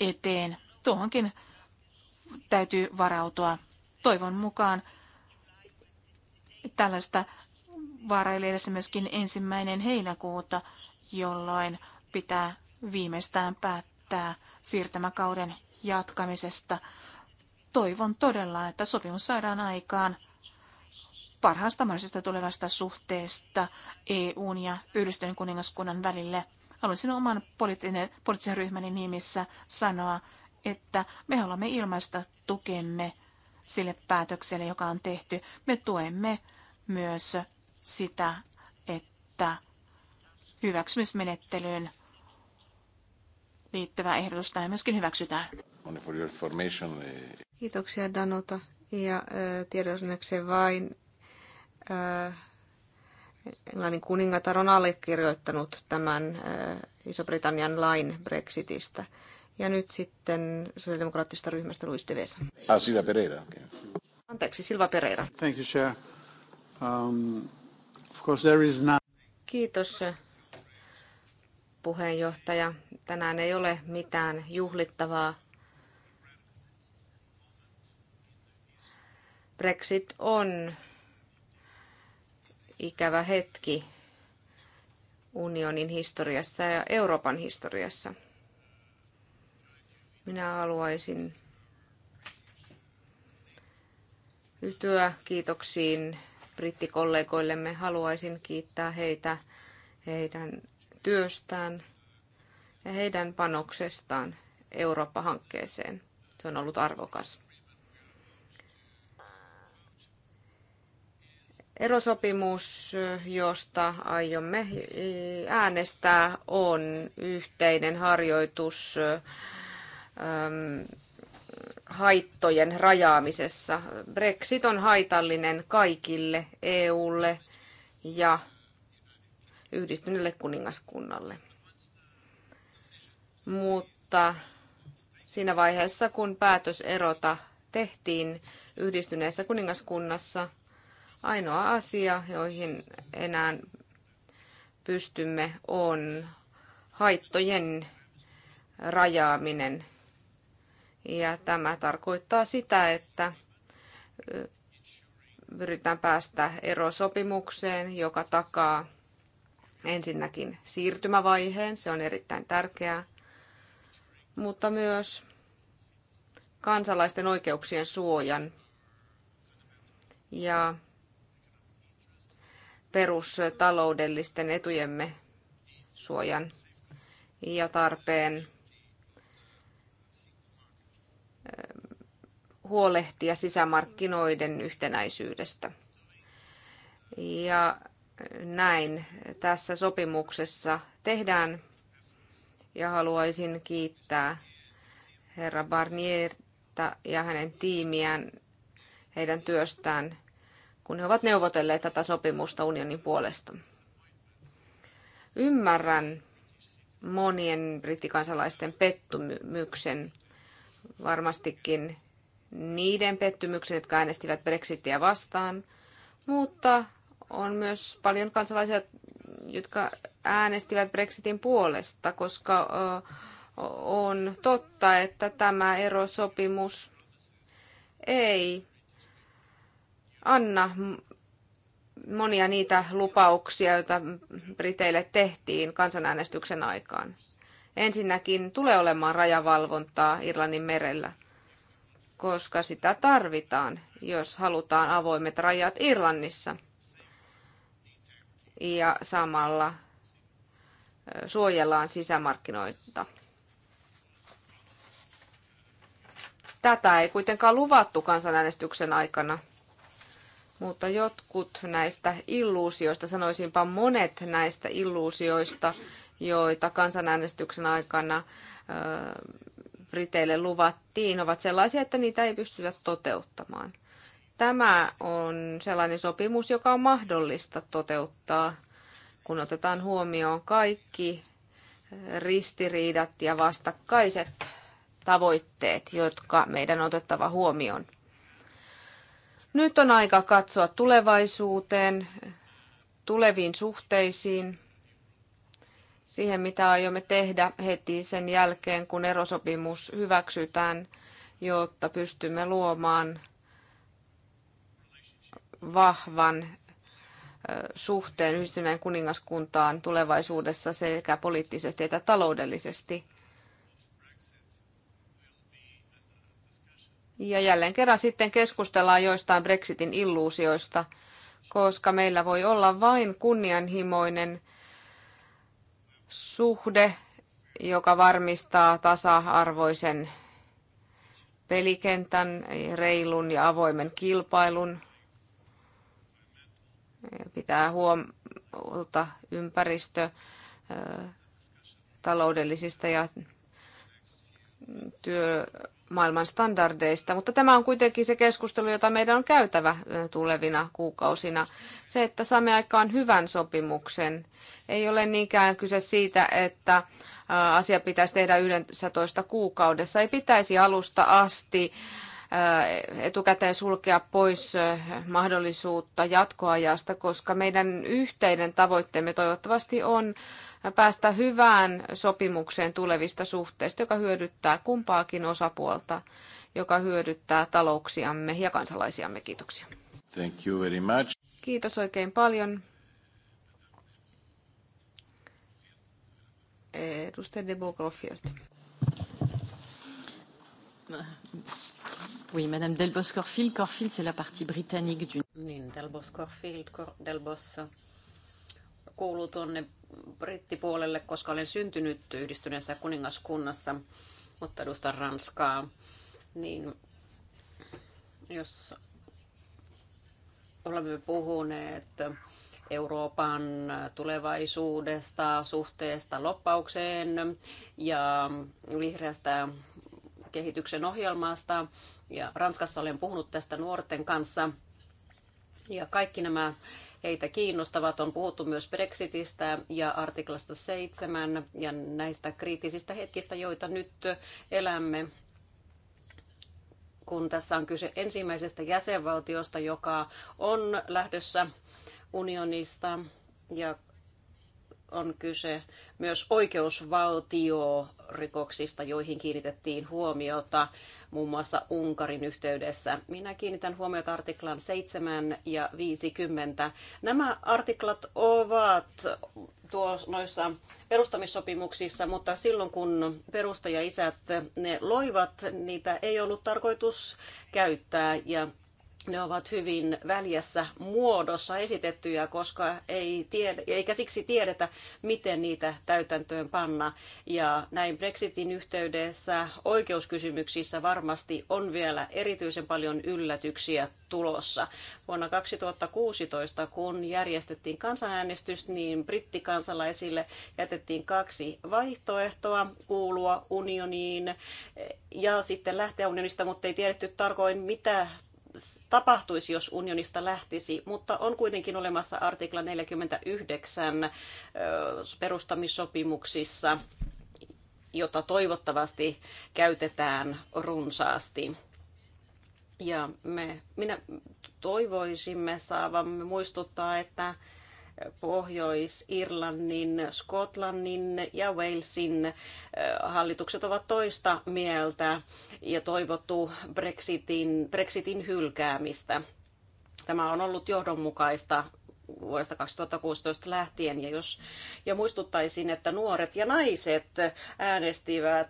eteen. Tuohonkin täytyy varautua. Toivon mukaan tällaista vaaraa edessä myöskin ensimmäinen heinäkuuta, jolloin pitää viimeistään päättää siirtämäkauden jatkamisesta. Toivon todella, että sopimus saadaan aikaan parhaasta mahdollisesta tulevasta suhteesta EUn ja Yhdistyneen kuningaskunnan välille. Haluaisin oman poliittisen ryhmäni nimissä sanoa, että me haluamme ilmaista tukemme sille päätökselle, joka on tehty. Me tuemme myös sitä, että hyväksymismenettelyyn liittyvä ehdotus ja myöskin hyväksytään. Eh, Kiitoksia Danota ja eh, tiedotusneksi vain Englannin kuningatar on allekirjoittanut tämän Iso-Britannian lain Brexitistä. Ja nyt sitten sosiaalidemokraattista ryhmästä Luis de Vesa. Ah, Silva Pereira. Okay. Anteeksi, Silva Pereira. Thank you, Chair. Um, of course there is not... Kiitos, puheenjohtaja. Tänään ei ole mitään juhlittavaa. Brexit on ikävä hetki unionin historiassa ja Euroopan historiassa. Minä haluaisin yhtyä kiitoksiin brittikollegoillemme. Haluaisin kiittää heitä heidän työstään ja heidän panoksestaan Eurooppa-hankkeeseen. Se on ollut arvokas. Erosopimus, josta aiomme äänestää, on yhteinen harjoitus ähm, haittojen rajaamisessa. Brexit on haitallinen kaikille EUlle ja yhdistyneelle kuningaskunnalle. Mutta siinä vaiheessa, kun päätös erota tehtiin yhdistyneessä kuningaskunnassa – Ainoa asia, joihin enää pystymme, on haittojen rajaaminen. Ja tämä tarkoittaa sitä, että yritetään päästä erosopimukseen, joka takaa ensinnäkin siirtymävaiheen, se on erittäin tärkeää, mutta myös kansalaisten oikeuksien suojan ja perustaloudellisten etujemme suojan ja tarpeen eh, huolehtia sisämarkkinoiden yhtenäisyydestä. Ja näin tässä sopimuksessa tehdään. Ja haluaisin kiittää herra Barnierta ja hänen tiimiään heidän työstään kun he ovat neuvotelleet tätä sopimusta unionin puolesta. Ymmärrän monien brittikansalaisten pettymyksen, varmastikin niiden pettymyksen, jotka äänestivät Brexitia vastaan, mutta on myös paljon kansalaisia, jotka äänestivät Brexitin puolesta, koska on totta, että tämä erosopimus ei anna monia niitä lupauksia, joita Briteille tehtiin kansanäänestyksen aikaan. Ensinnäkin tulee olemaan rajavalvontaa Irlannin merellä, koska sitä tarvitaan, jos halutaan avoimet rajat Irlannissa. Ja samalla suojellaan sisämarkkinoita. Tätä ei kuitenkaan luvattu kansanäänestyksen aikana – mutta jotkut näistä illuusioista, sanoisinpa monet näistä illuusioista, joita kansanäänestyksen aikana Briteille luvattiin, ovat sellaisia, että niitä ei pystytä toteuttamaan. Tämä on sellainen sopimus, joka on mahdollista toteuttaa, kun otetaan huomioon kaikki ristiriidat ja vastakkaiset tavoitteet, jotka meidän on otettava huomioon. Nyt on aika katsoa tulevaisuuteen, tuleviin suhteisiin, siihen mitä aiomme tehdä heti sen jälkeen, kun erosopimus hyväksytään, jotta pystymme luomaan vahvan suhteen yhdistyneen kuningaskuntaan tulevaisuudessa sekä poliittisesti että taloudellisesti. Ja jälleen kerran sitten keskustellaan joistain Brexitin illuusioista, koska meillä voi olla vain kunnianhimoinen suhde, joka varmistaa tasa-arvoisen pelikentän, reilun ja avoimen kilpailun. Pitää huolta ympäristö taloudellisista ja työ maailman standardeista, mutta tämä on kuitenkin se keskustelu, jota meidän on käytävä tulevina kuukausina. Se, että saamme aikaan hyvän sopimuksen, ei ole niinkään kyse siitä, että asia pitäisi tehdä 11 kuukaudessa. Ei pitäisi alusta asti etukäteen sulkea pois mahdollisuutta jatkoajasta, koska meidän yhteinen tavoitteemme toivottavasti on päästä hyvään sopimukseen tulevista suhteista, joka hyödyttää kumpaakin osapuolta, joka hyödyttää talouksiamme ja kansalaisiamme. Kiitoksia. Thank you very much. Kiitos oikein paljon. Edustaja de Bogrofield. Oui, Madame Delbos-Corfield. Corfield, c'est la partie britannique du... Niin, Delbos-Corfield, Delbos, -Corfield, Delbos kuuluu tuonne brittipuolelle, koska olen syntynyt yhdistyneessä kuningaskunnassa, mutta edustan Ranskaa, niin jos olemme puhuneet Euroopan tulevaisuudesta, suhteesta loppaukseen ja vihreästä kehityksen ohjelmasta. Ja Ranskassa olen puhunut tästä nuorten kanssa. Ja kaikki nämä heitä kiinnostavat. On puhuttu myös Brexitistä ja artiklasta 7 ja näistä kriittisistä hetkistä, joita nyt elämme kun tässä on kyse ensimmäisestä jäsenvaltiosta, joka on lähdössä unionista ja on kyse myös oikeusvaltiorikoksista, joihin kiinnitettiin huomiota muun muassa Unkarin yhteydessä. Minä kiinnitän huomiota artiklan 7 ja 50. Nämä artiklat ovat tuo, noissa perustamissopimuksissa, mutta silloin kun perustajaisät ne loivat, niitä ei ollut tarkoitus käyttää ja ne ovat hyvin väljässä muodossa esitettyjä, koska ei tiedä, eikä siksi tiedetä, miten niitä täytäntöön panna. Ja näin Brexitin yhteydessä oikeuskysymyksissä varmasti on vielä erityisen paljon yllätyksiä tulossa. Vuonna 2016, kun järjestettiin kansanäänestys, niin brittikansalaisille jätettiin kaksi vaihtoehtoa kuulua unioniin ja sitten lähteä unionista, mutta ei tiedetty tarkoin, mitä tapahtuisi, jos unionista lähtisi, mutta on kuitenkin olemassa artikla 49 perustamissopimuksissa, jota toivottavasti käytetään runsaasti. Ja me, minä toivoisimme saavamme muistuttaa, että Pohjois-Irlannin, Skotlannin ja Walesin eh, hallitukset ovat toista mieltä ja toivottu Brexitin, Brexitin hylkäämistä. Tämä on ollut johdonmukaista vuodesta 2016 lähtien. Ja, jos, ja muistuttaisin, että nuoret ja naiset äänestivät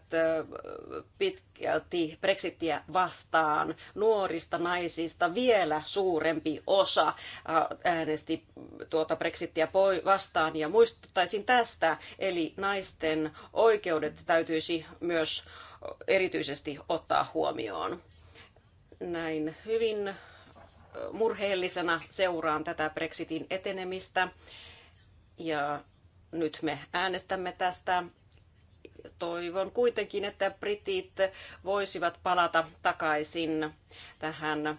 pitkälti Brexittiä vastaan. Nuorista naisista vielä suurempi osa äänesti tuota Brexittiä vastaan. Ja muistuttaisin tästä, eli naisten oikeudet täytyisi myös erityisesti ottaa huomioon. Näin hyvin murheellisena seuraan tätä Brexitin etenemistä. Ja nyt me äänestämme tästä. Toivon kuitenkin, että britit voisivat palata takaisin tähän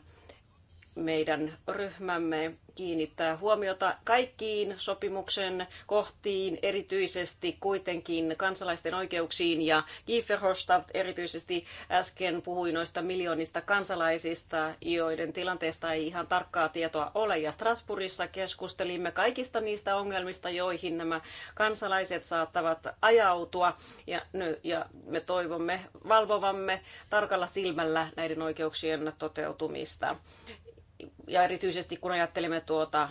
meidän ryhmämme kiinnittää huomiota kaikkiin sopimuksen kohtiin, erityisesti kuitenkin kansalaisten oikeuksiin ja Gieferhofstadt erityisesti äsken puhui noista miljoonista kansalaisista, joiden tilanteesta ei ihan tarkkaa tietoa ole ja Strasbourgissa keskustelimme kaikista niistä ongelmista, joihin nämä kansalaiset saattavat ajautua ja, ja me toivomme valvovamme tarkalla silmällä näiden oikeuksien toteutumista ja erityisesti kun ajattelemme tuota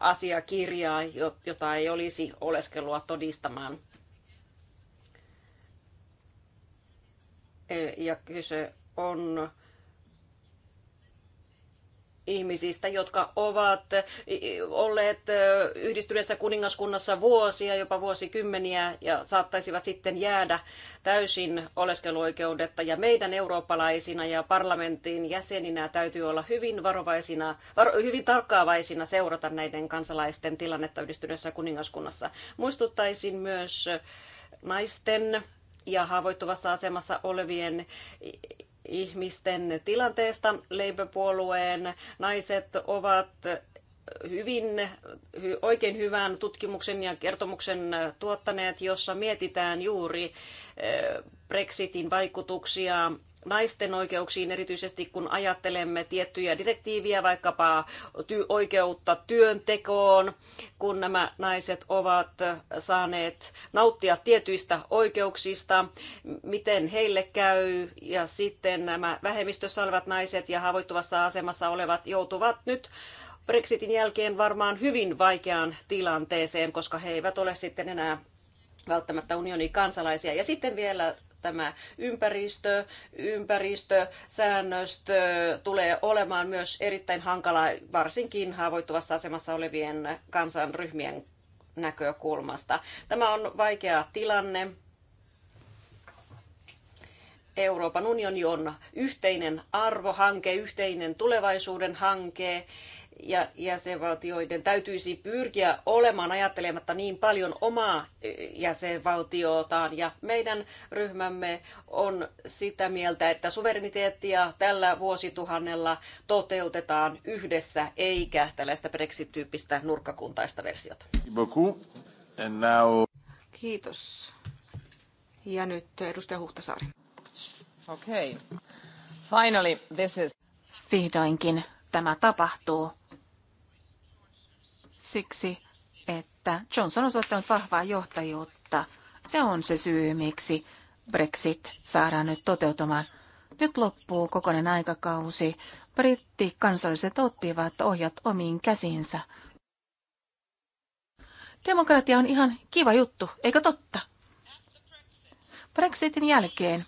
asiakirjaa, jota ei olisi oleskelua todistamaan. E, ja kyse on ihmisistä, jotka ovat olleet yhdistyneessä kuningaskunnassa vuosia, jopa vuosikymmeniä, ja saattaisivat sitten jäädä täysin oleskeluoikeudetta. Ja meidän eurooppalaisina ja parlamentin jäseninä täytyy olla hyvin varovaisina, varo, hyvin tarkkaavaisina seurata näiden kansalaisten tilannetta yhdistyneessä kuningaskunnassa. Muistuttaisin myös naisten ja haavoittuvassa asemassa olevien ihmisten tilanteesta. Labour-puolueen naiset ovat hyvin, oikein hyvän tutkimuksen ja kertomuksen tuottaneet, jossa mietitään juuri eh, Brexitin vaikutuksia naisten oikeuksiin, erityisesti kun ajattelemme tiettyjä direktiiviä, vaikkapa ty- oikeutta työntekoon, kun nämä naiset ovat saaneet nauttia tietyistä oikeuksista, miten heille käy, ja sitten nämä vähemmistössä olevat naiset ja haavoittuvassa asemassa olevat joutuvat nyt Brexitin jälkeen varmaan hyvin vaikeaan tilanteeseen, koska he eivät ole sitten enää välttämättä unionin kansalaisia. Ja sitten vielä tämä ympäristö, ympäristösäännöstö tulee olemaan myös erittäin hankala varsinkin haavoittuvassa asemassa olevien kansanryhmien näkökulmasta. Tämä on vaikea tilanne. Euroopan unioni on yhteinen arvohanke, yhteinen tulevaisuuden hanke ja jäsenvaltioiden täytyisi pyrkiä olemaan ajattelematta niin paljon omaa e, jäsenvaltiotaan. Ja meidän ryhmämme on sitä mieltä, että suvereniteettia tällä vuosituhannella toteutetaan yhdessä, eikä tällaista Brexit-tyyppistä nurkkakuntaista versiota. Kiitos. Ja nyt edustaja Huhtasaari. Okei. Okay. Finally, this is... Vihdoinkin tämä tapahtuu. Siksi, että Johnson on osoittanut vahvaa johtajuutta. Se on se syy, miksi Brexit saadaan nyt toteutumaan. Nyt loppuu kokonainen aikakausi. Britti kansalliset ottivat ohjat omiin käsinsä. Demokratia on ihan kiva juttu, eikö totta? Brexitin jälkeen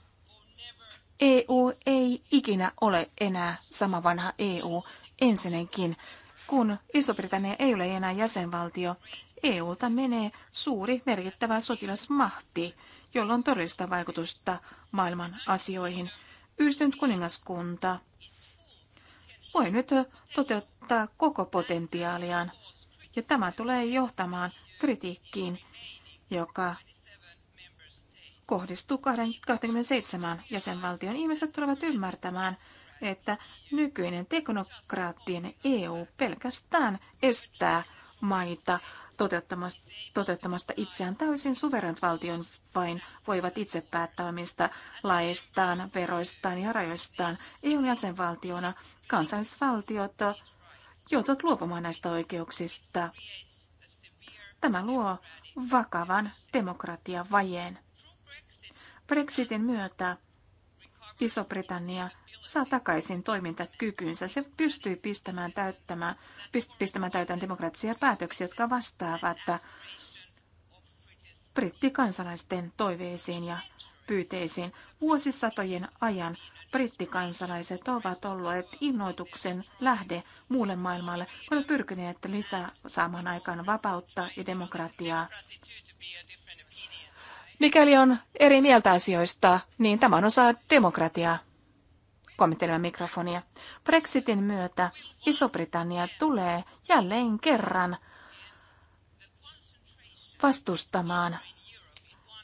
EU ei ikinä ole enää sama vanha EU. Ensinnäkin kun Iso-Britannia ei ole enää jäsenvaltio, EUlta menee suuri merkittävä sotilasmahti, jolla on todellista vaikutusta maailman asioihin. Yhdistynyt kuningaskunta voi nyt toteuttaa koko potentiaaliaan, ja tämä tulee johtamaan kritiikkiin, joka kohdistuu 27 jäsenvaltion. Ihmiset tulevat ymmärtämään, että nykyinen teknokraattien EU pelkästään estää maita toteuttamasta, toteuttamasta itseään täysin suverant valtion vain voivat itse päättää omista laeistaan, veroistaan ja rajoistaan. EUn jäsenvaltiona kansallisvaltiot joutuvat luopumaan näistä oikeuksista. Tämä luo vakavan demokratiavajeen. Brexitin myötä Iso-Britannia saa takaisin toimintakykynsä. Se pystyy pistämään, täyttämään, pistämään täytän demokraattisia päätöksiä, jotka vastaavat brittikansalaisten toiveisiin ja pyyteisiin. Vuosisatojen ajan brittikansalaiset ovat olleet innoituksen lähde muulle maailmalle, kun ovat pyrkineet lisää saamaan aikaan vapautta ja demokratiaa. Mikäli on eri mieltä asioista, niin tämä on osa demokratiaa kommentelemme mikrofonia. Brexitin myötä Iso-Britannia tulee jälleen kerran vastustamaan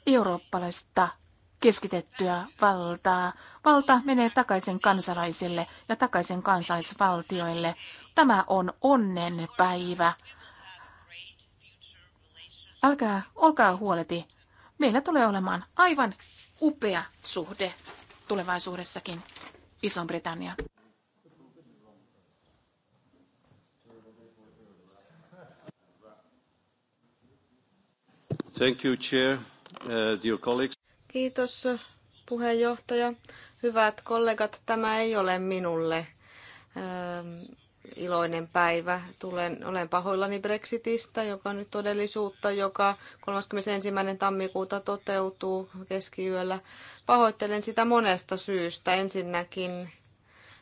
eurooppalaista keskitettyä valtaa. Valta menee takaisin kansalaisille ja takaisin kansallisvaltioille. Tämä on onnenpäivä. Älkää, olkaa huoleti. Meillä tulee olemaan aivan upea suhde tulevaisuudessakin. Iso-Britannia. Thank you, Chair. Uh, dear colleagues. Kiitos puheenjohtaja. Hyvät kollegat, tämä ei ole minulle. Uh, iloinen päivä. Tulen, olen pahoillani Brexitistä, joka on nyt todellisuutta, joka 31. tammikuuta toteutuu keskiyöllä. Pahoittelen sitä monesta syystä. Ensinnäkin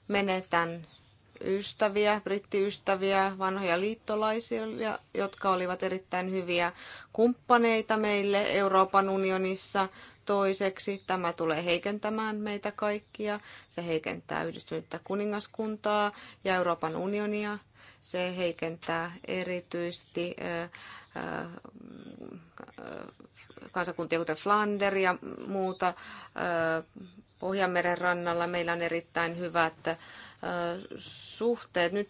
menetän ystäviä, brittiystäviä, vanhoja liittolaisia, jotka olivat erittäin hyviä kumppaneita meille Euroopan unionissa. Toiseksi tämä tulee heikentämään meitä kaikkia. Se heikentää yhdistynyttä kuningaskuntaa ja Euroopan unionia. Se heikentää erityisesti kansakuntia kuten Flander ja muuta. Pohjanmeren rannalla meillä on erittäin hyvät suhteet. Nyt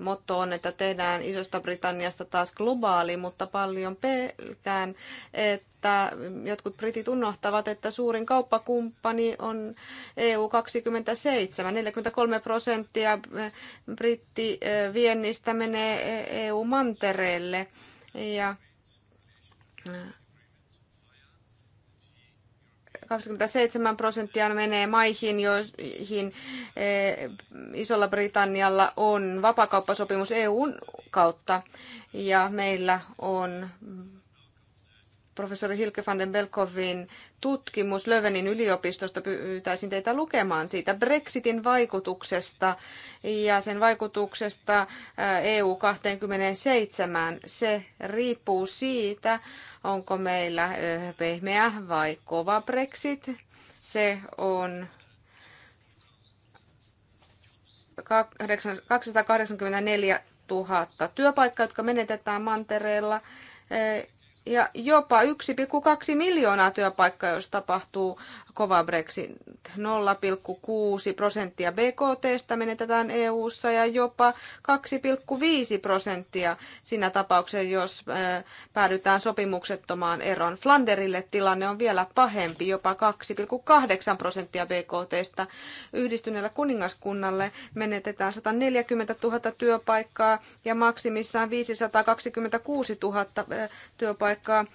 motto on, että tehdään Isosta Britanniasta taas globaali, mutta paljon pelkään, että jotkut britit unohtavat, että suurin kauppakumppani on EU 27. 43 prosenttia brittiviennistä menee EU-mantereelle. Ja 27 prosenttia menee maihin, joihin eh, Isolla Britannialla on vapakauppasopimus EUn kautta ja meillä on professori Hilke van den Belkovin tutkimus Lövenin yliopistosta. Pyytäisin teitä lukemaan siitä Brexitin vaikutuksesta ja sen vaikutuksesta EU 27. Se riippuu siitä, onko meillä pehmeä vai kova Brexit. Se on 284 000 työpaikkaa, jotka menetetään mantereella ja jopa 1,2 miljoonaa työpaikkaa, jos tapahtuu kova Brexit. 0,6 prosenttia BKTstä menetetään EU-ssa ja jopa 2,5 prosenttia siinä tapauksessa, jos äh, päädytään sopimuksettomaan eroon. Flanderille tilanne on vielä pahempi, jopa 2,8 prosenttia BKTstä. Yhdistyneellä kuningaskunnalle menetetään 140 000 työpaikkaa ja maksimissaan 526 000 äh, työpaikkaa työpaikkaa, 1,6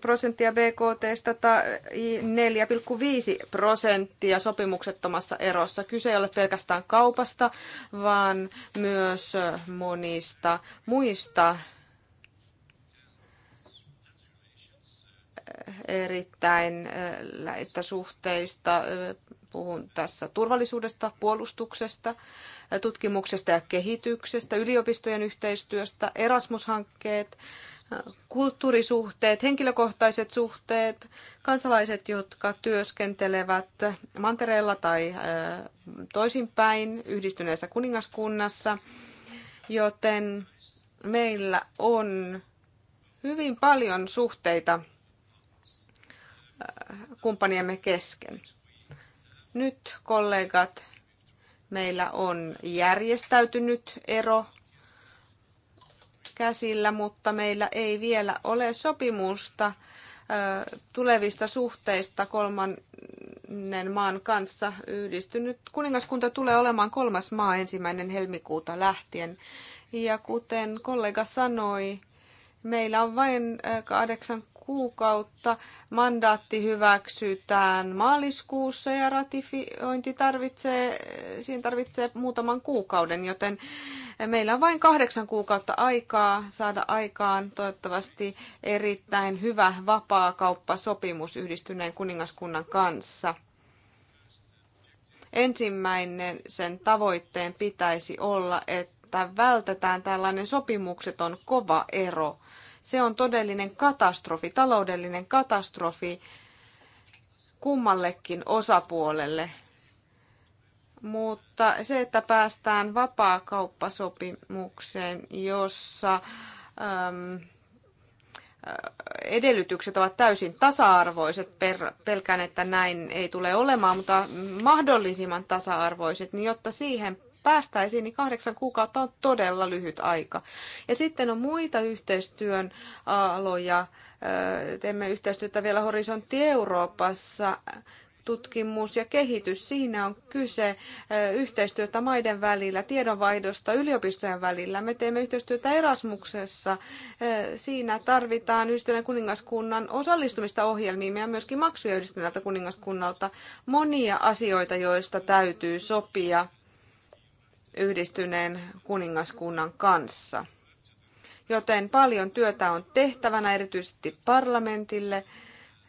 prosenttia BKTstä tai 4,5 prosenttia sopimuksettomassa erossa. Kyse ei ole pelkästään kaupasta, vaan myös monista muista erittäin läistä suhteista. Puhun tässä turvallisuudesta, puolustuksesta, tutkimuksesta ja kehityksestä, yliopistojen yhteistyöstä, Erasmus-hankkeet, kulttuurisuhteet, henkilökohtaiset suhteet, kansalaiset, jotka työskentelevät mantereella tai toisinpäin yhdistyneessä kuningaskunnassa, joten meillä on hyvin paljon suhteita kumppaniemme kesken. Nyt kollegat Meillä on järjestäytynyt ero käsillä, mutta meillä ei vielä ole sopimusta tulevista suhteista kolmannen maan kanssa yhdistynyt. Kuningaskunta tulee olemaan kolmas maa ensimmäinen helmikuuta lähtien. Ja kuten kollega sanoi, meillä on vain kahdeksan kuukautta. Mandaatti hyväksytään maaliskuussa ja ratifiointi tarvitsee, siinä tarvitsee muutaman kuukauden, joten meillä on vain kahdeksan kuukautta aikaa saada aikaan toivottavasti erittäin hyvä vapaakauppasopimus yhdistyneen kuningaskunnan kanssa. Ensimmäinen sen tavoitteen pitäisi olla, että vältetään tällainen sopimukseton kova ero – se on todellinen katastrofi, taloudellinen katastrofi kummallekin osapuolelle. Mutta se, että päästään vapaakauppasopimukseen, jossa äm, edellytykset ovat täysin tasa-arvoiset, per, pelkään, että näin ei tule olemaan, mutta mahdollisimman tasa-arvoiset, niin jotta siihen päästäisiin, niin kahdeksan kuukautta on todella lyhyt aika. Ja sitten on muita yhteistyön aloja. Teemme yhteistyötä vielä Horisontti Euroopassa tutkimus ja kehitys. Siinä on kyse yhteistyötä maiden välillä, tiedonvaihdosta yliopistojen välillä. Me teemme yhteistyötä Erasmuksessa. Siinä tarvitaan yhdistyneen kuningaskunnan osallistumista ohjelmiin ja myöskin maksuja yhdistyneeltä kuningaskunnalta. Monia asioita, joista täytyy sopia yhdistyneen kuningaskunnan kanssa. Joten paljon työtä on tehtävänä erityisesti parlamentille.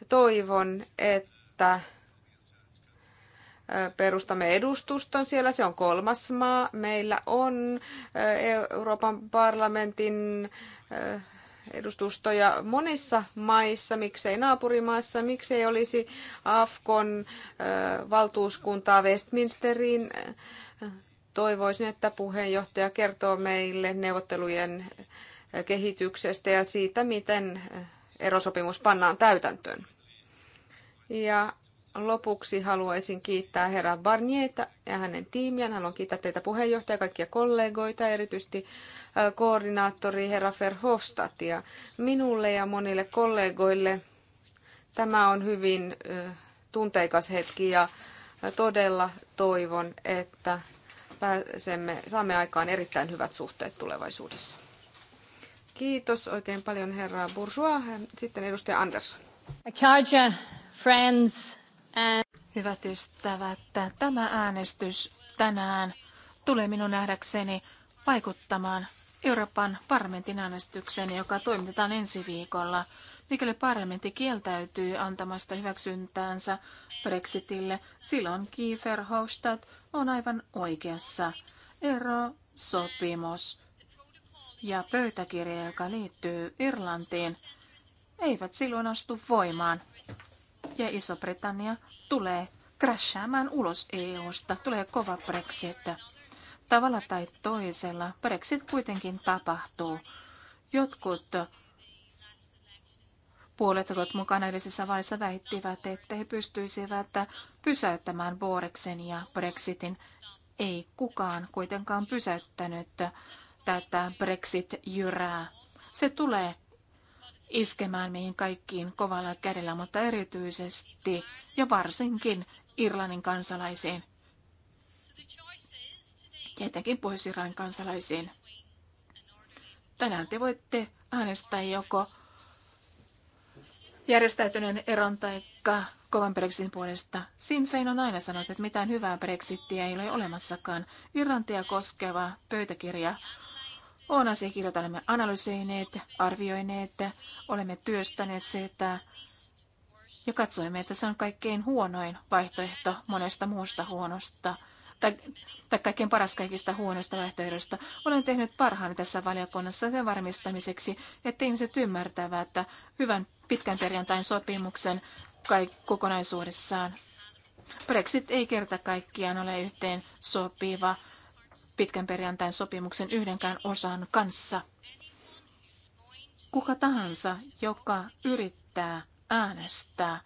Toivon, että perustamme edustuston siellä, se on kolmas maa. Meillä on Euroopan parlamentin edustustoja monissa maissa, miksei naapurimaassa, miksei olisi Afkon valtuuskuntaa Westminsteriin Toivoisin, että puheenjohtaja kertoo meille neuvottelujen kehityksestä ja siitä, miten erosopimus pannaan täytäntöön. Ja lopuksi haluaisin kiittää herra Barnieta ja hänen tiimiään. Haluan kiittää teitä ja kaikkia kollegoita, erityisesti äh, koordinaattori herra Verhofstadtia. Minulle ja monille kollegoille tämä on hyvin äh, tunteikas hetki ja todella toivon, että pääsemme, saamme aikaan erittäin hyvät suhteet tulevaisuudessa. Kiitos oikein paljon herra Bourgeois. Sitten edustaja Andersson. Akaja, friends and... Hyvät ystävät, tämä äänestys tänään tulee minun nähdäkseni vaikuttamaan Euroopan parlamentin äänestykseen, joka toimitetaan ensi viikolla. Mikäli parlamentti kieltäytyy antamasta hyväksyntäänsä Brexitille, silloin Kiefer Hofstadt on aivan oikeassa. Ero sopimus ja pöytäkirja, joka liittyy Irlantiin, eivät silloin astu voimaan. Ja Iso-Britannia tulee crashaamaan ulos EUsta, tulee kova Brexit. Tavalla tai toisella Brexit kuitenkin tapahtuu. Jotkut puolet ovat mukana edellisessä vaiheessa väittivät, että he pystyisivät pysäyttämään Boreksen ja Brexitin. Ei kukaan kuitenkaan pysäyttänyt tätä Brexit-jyrää. Se tulee iskemään meihin kaikkiin kovalla kädellä, mutta erityisesti ja varsinkin Irlannin kansalaisiin. Tietenkin pois irlannin kansalaisiin. Tänään te voitte äänestää joko järjestäytyneen eron taikka kovan Brexitin puolesta. Sinn Fein on aina sanonut, että mitään hyvää Brexittiä ei ole olemassakaan. Irlantia koskeva pöytäkirja on asiakirjoita, olemme analysoineet, arvioineet, olemme työstäneet sitä ja katsoimme, että se on kaikkein huonoin vaihtoehto monesta muusta huonosta tai, tai kaikkein paras kaikista huonoista vaihtoehdosta. Olen tehnyt parhaani tässä valiokunnassa sen varmistamiseksi, että ihmiset ymmärtävät, että hyvän pitkän perjantain sopimuksen kaik- kokonaisuudessaan. Brexit ei kerta kaikkiaan ole yhteen sopiva pitkän perjantain sopimuksen yhdenkään osan kanssa. Kuka tahansa, joka yrittää äänestää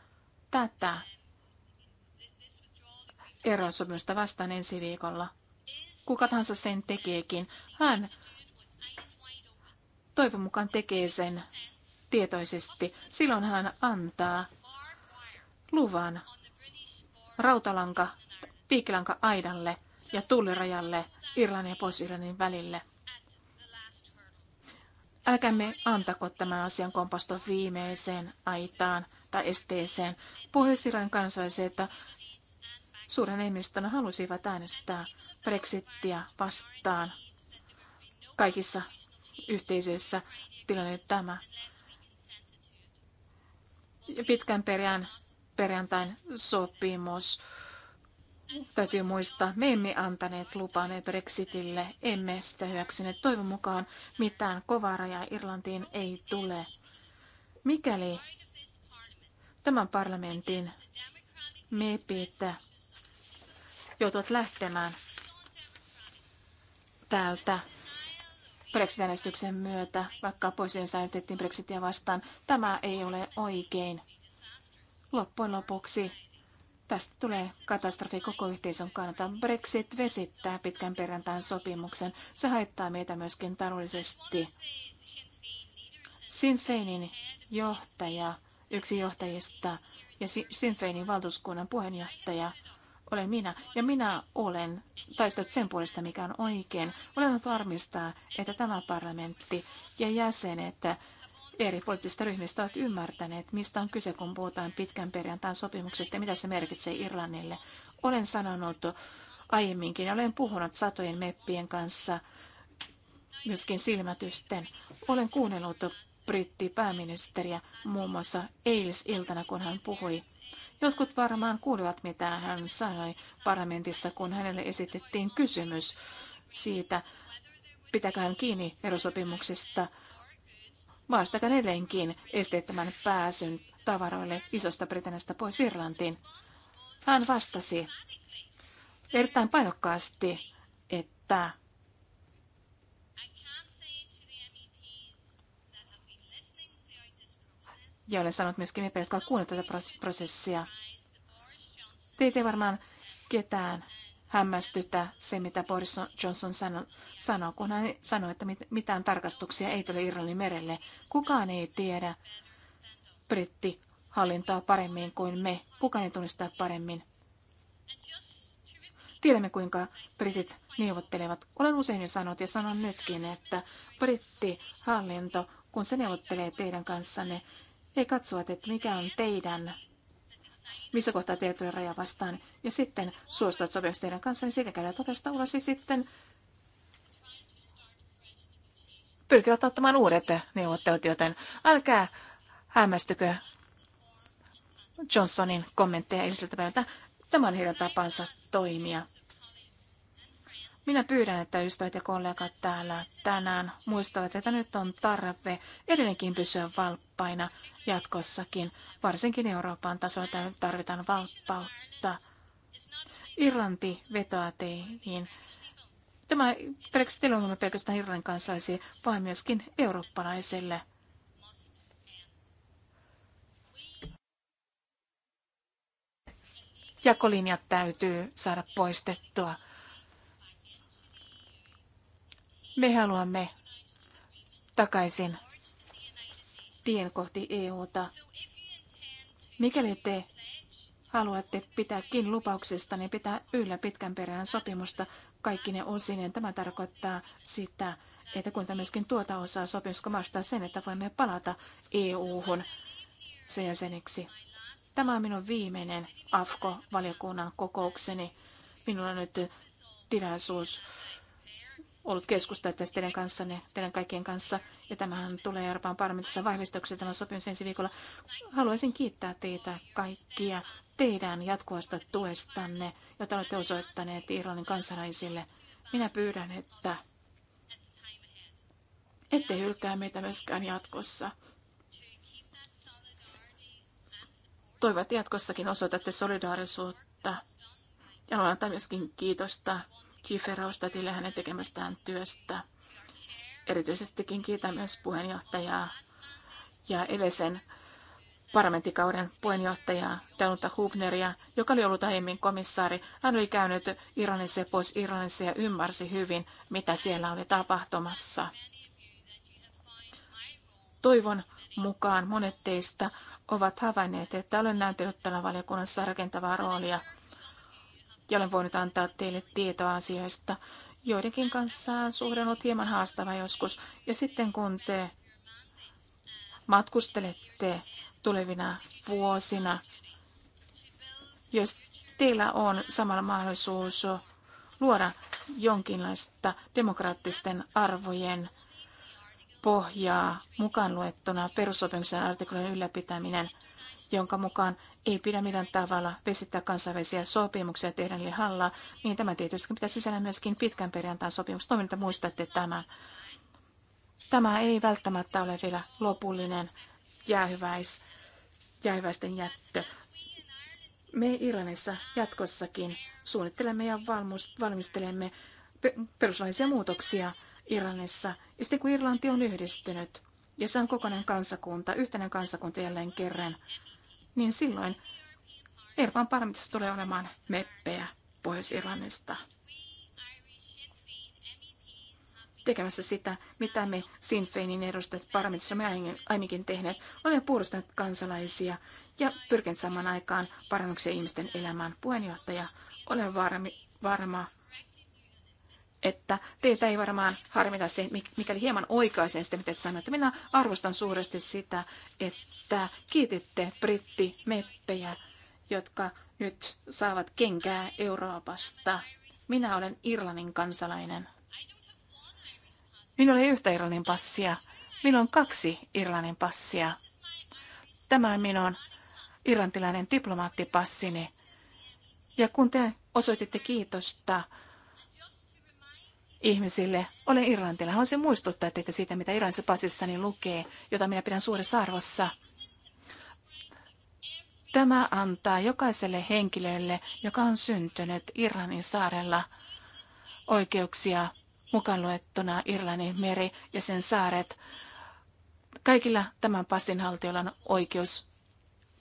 tätä erosopimusta vastaan ensi viikolla, kuka tahansa sen tekeekin, hän toivon mukaan tekee sen tietoisesti. Silloin hän antaa luvan rautalanka, piikilanka aidalle ja tuulirajalle Irlannin ja pois irlannin välille. Älkäämme antako tämän asian kompastua viimeiseen aitaan tai esteeseen. Pohjois-Irlannin kansalaiset suuren enemmistönä halusivat äänestää Brexittiä vastaan. Kaikissa yhteisöissä tilanne tämä. Pitkän perään perjantain sopimus. Täytyy muistaa, me emme antaneet lupaa Brexitille, emme sitä hyväksyneet. Toivon mukaan mitään kovaa rajaa Irlantiin ei tule. Mikäli tämän parlamentin mepit joutuvat lähtemään täältä Brexit-äänestyksen myötä, vaikka poisien äänestettiin Brexitia vastaan. Tämä ei ole oikein. Loppujen lopuksi tästä tulee katastrofi koko yhteisön kannalta. Brexit vesittää pitkän perjantain sopimuksen. Se haittaa meitä myöskin taloudellisesti. Sinn Feinin johtaja, yksi johtajista ja Sinn Feinin valtuuskunnan puheenjohtaja olen minä, ja minä olen taistellut sen puolesta, mikä on oikein. Olen varmistaa, että tämä parlamentti ja jäsenet eri poliittisista ryhmistä ovat ymmärtäneet, mistä on kyse, kun puhutaan pitkän perjantain sopimuksesta ja mitä se merkitsee Irlannille. Olen sanonut aiemminkin ja olen puhunut satojen meppien kanssa myöskin silmätysten. Olen kuunnellut brittipääministeriä muun muassa eilisiltana, kun hän puhui. Jotkut varmaan kuulivat, mitä hän sanoi parlamentissa, kun hänelle esitettiin kysymys siitä, pitääkö hän kiinni erosopimuksesta – Maastakaan edelleenkin esteettömän pääsyn tavaroille isosta Britanniasta pois Irlantiin. Hän vastasi erittäin painokkaasti, että ja olen sanonut myöskin me, jotka ovat tätä prosessia. Teitä ei varmaan ketään hämmästytä se, mitä Boris Johnson sano, sanoi, kun hän sanoi, että mitään tarkastuksia ei tule Irlannin merelle. Kukaan ei tiedä brittihallintoa paremmin kuin me. Kukaan ei tunnistaa paremmin. Tiedämme, kuinka britit neuvottelevat. Olen usein jo sanonut ja sanon nytkin, että brittihallinto, kun se neuvottelee teidän kanssanne, ei katsoa, että mikä on teidän missä kohtaa tulee raja vastaan, ja sitten suostuvat sopimuksen teidän kanssa, niin siitä käydään todesta ulos ja sitten pyrkivät ottamaan uudet neuvottelut, joten älkää hämmästykö Johnsonin kommentteja eiliseltä päivältä. Tämä on heidän tapansa toimia. Minä pyydän, että ystävät ja kollegat täällä tänään muistavat, että nyt on tarve edelleenkin pysyä valppaina jatkossakin. Varsinkin Euroopan tasolla tarvitaan valppautta. Irlanti vetoaa teihin. Tämä ei ole pelkästään Irlannin kansalaisille, vaan myöskin eurooppalaisille. Jakolinjat täytyy saada poistettua Me haluamme takaisin tien kohti EUta. Mikäli te haluatte pitää kiinni lupauksesta, niin pitää yllä pitkän perään sopimusta kaikki ne osin. Tämä tarkoittaa sitä, että kun myöskin tuota osaa sopimusta vastaa sen, että voimme palata EU-hun sen jäseniksi. Tämä on minun viimeinen AFKO-valiokunnan kokoukseni. Minulla on nyt tilaisuus ollut keskustella tästä teidän kanssanne, teidän kaikkien kanssa. Ja tämähän tulee Euroopan parlamentissa vahvistuksella tämä sopimus ensi viikolla. Haluaisin kiittää teitä kaikkia teidän jatkuvasta tuestanne, jota olette osoittaneet Irlannin kansalaisille. Minä pyydän, että ette hylkää meitä myöskään jatkossa. Toivottavasti jatkossakin osoitatte solidaarisuutta ja antaa myöskin kiitosta Kieferhaustatille hänen tekemästään työstä. Erityisestikin kiitän myös puheenjohtajaa ja Elesen parlamenttikauden puheenjohtajaa Danuta Hubneria, joka oli ollut aiemmin komissaari. Hän oli käynyt Iranissa ja pois Iranissa ja ymmärsi hyvin, mitä siellä oli tapahtumassa. Toivon mukaan monet teistä ovat havainneet, että olen näytellyt tällä valiokunnassa rakentavaa roolia – ja olen voinut antaa teille tietoa asioista. Joidenkin kanssa suhde on ollut hieman haastava joskus. Ja sitten kun te matkustelette tulevina vuosina, jos teillä on samalla mahdollisuus luoda jonkinlaista demokraattisten arvojen pohjaa mukaan luettuna perussopimuksen artiklojen ylläpitäminen – jonka mukaan ei pidä millään tavalla vesittää kansainvälisiä sopimuksia tehdä niille hallaa, niin tämä tietysti pitää sisällä myöskin pitkän perjantain sopimus. Toivon, että muistatte tämän. Tämä ei välttämättä ole vielä lopullinen jäähyväis, jäähyväisten jättö. Me Irlannissa jatkossakin suunnittelemme ja valmistelemme peruslaisia muutoksia Irlannissa. Ja sitten kun Irlanti on yhdistynyt, ja se on kokonainen kansakunta, yhtenä kansakunta jälleen kerran, niin silloin Euroopan parlamentissa tulee olemaan meppejä Pohjois-Irlannista tekemässä sitä, mitä me Sinn Feinin edustajat parlamentissa me ainakin tehneet. Olemme puolustaneet kansalaisia ja pyrkineet saman aikaan parannuksia ihmisten elämään. Puheenjohtaja, olen varmi, varma, että teitä ei varmaan harmita se, mikäli hieman oikaisen sitä, mitä Että Minä arvostan suuresti sitä, että kiititte brittimeppejä, jotka nyt saavat kenkää Euroopasta. Minä olen Irlannin kansalainen. Minulla ei yhtä Irlannin passia. Minulla on kaksi Irlannin passia. Tämä on minun irlantilainen diplomaattipassini. Ja kun te osoititte kiitosta ihmisille. Olen irlantilainen. Haluaisin muistuttaa teitä siitä, mitä Iranissa passissani lukee, jota minä pidän suuressa arvossa. Tämä antaa jokaiselle henkilölle, joka on syntynyt Irlannin saarella, oikeuksia mukaan luettuna Irlannin meri ja sen saaret. Kaikilla tämän passin haltijoilla on oikeus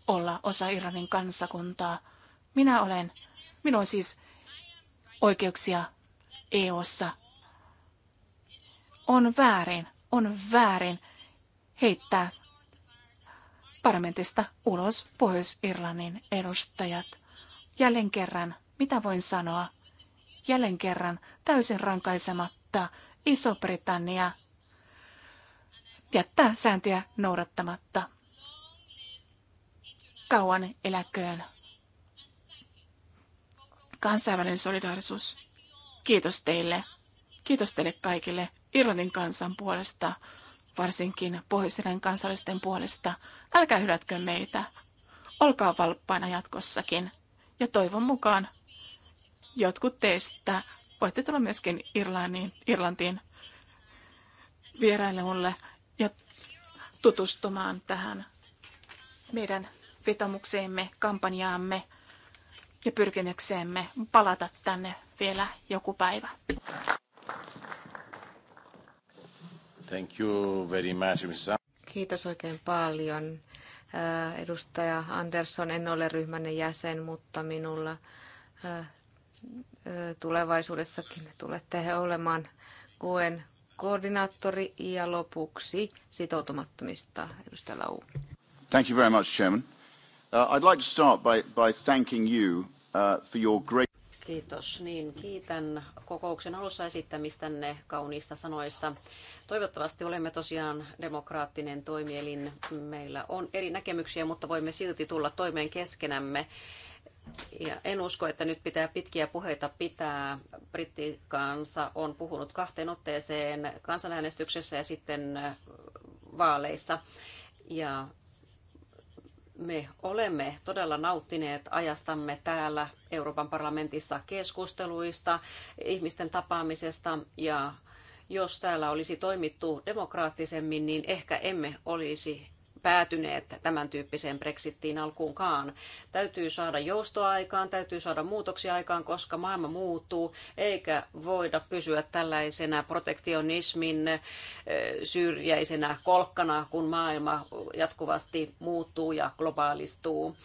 olla osa Irlannin kansakuntaa. Minä olen, minun on siis oikeuksia EU:ssa on väärin, on väärin heittää parlamentista ulos Pohjois-Irlannin edustajat. Jälleen kerran, mitä voin sanoa? Jälleen kerran, täysin rankaisematta, Iso-Britannia jättää sääntöjä noudattamatta. Kauan eläköön. Kansainvälinen solidaarisuus. Kiitos teille. Kiitos teille kaikille Irlannin kansan puolesta, varsinkin pohjois kansallisten puolesta. Älkää hylätkö meitä. Olkaa valppaina jatkossakin. Ja toivon mukaan jotkut teistä voitte tulla myöskin Irlantiin, Irlantiin vierailulle ja tutustumaan tähän meidän vetomukseemme, kampanjaamme ja pyrkimykseemme palata tänne vielä joku päivä. Thank you very much, Mr. Kiitos oikein paljon. Äh, edustaja Andersson, en ole ryhmänne jäsen, mutta minulla äh, äh, tulevaisuudessakin tulette olemaan kuen koordinaattori ja lopuksi sitoutumattomista edustaja Lau. Thank you very much, Chairman. Uh, I'd like to start by, by thanking you uh, for your great... Kiitos. Niin, kiitän kokouksen alussa esittämistänne kauniista sanoista. Toivottavasti olemme tosiaan demokraattinen toimielin. Meillä on eri näkemyksiä, mutta voimme silti tulla toimeen keskenämme. Ja en usko, että nyt pitää pitkiä puheita pitää. Brittikansa on puhunut kahteen otteeseen kansanäänestyksessä ja sitten vaaleissa. Ja me olemme todella nauttineet ajastamme täällä Euroopan parlamentissa keskusteluista, ihmisten tapaamisesta ja jos täällä olisi toimittu demokraattisemmin, niin ehkä emme olisi päätyneet tämän tyyppiseen Brexittiin alkuunkaan. Täytyy saada joustoa aikaan, täytyy saada muutoksia aikaan, koska maailma muuttuu, eikä voida pysyä tällaisena protektionismin syrjäisenä kolkkana, kun maailma jatkuvasti muuttuu ja globaalistuu.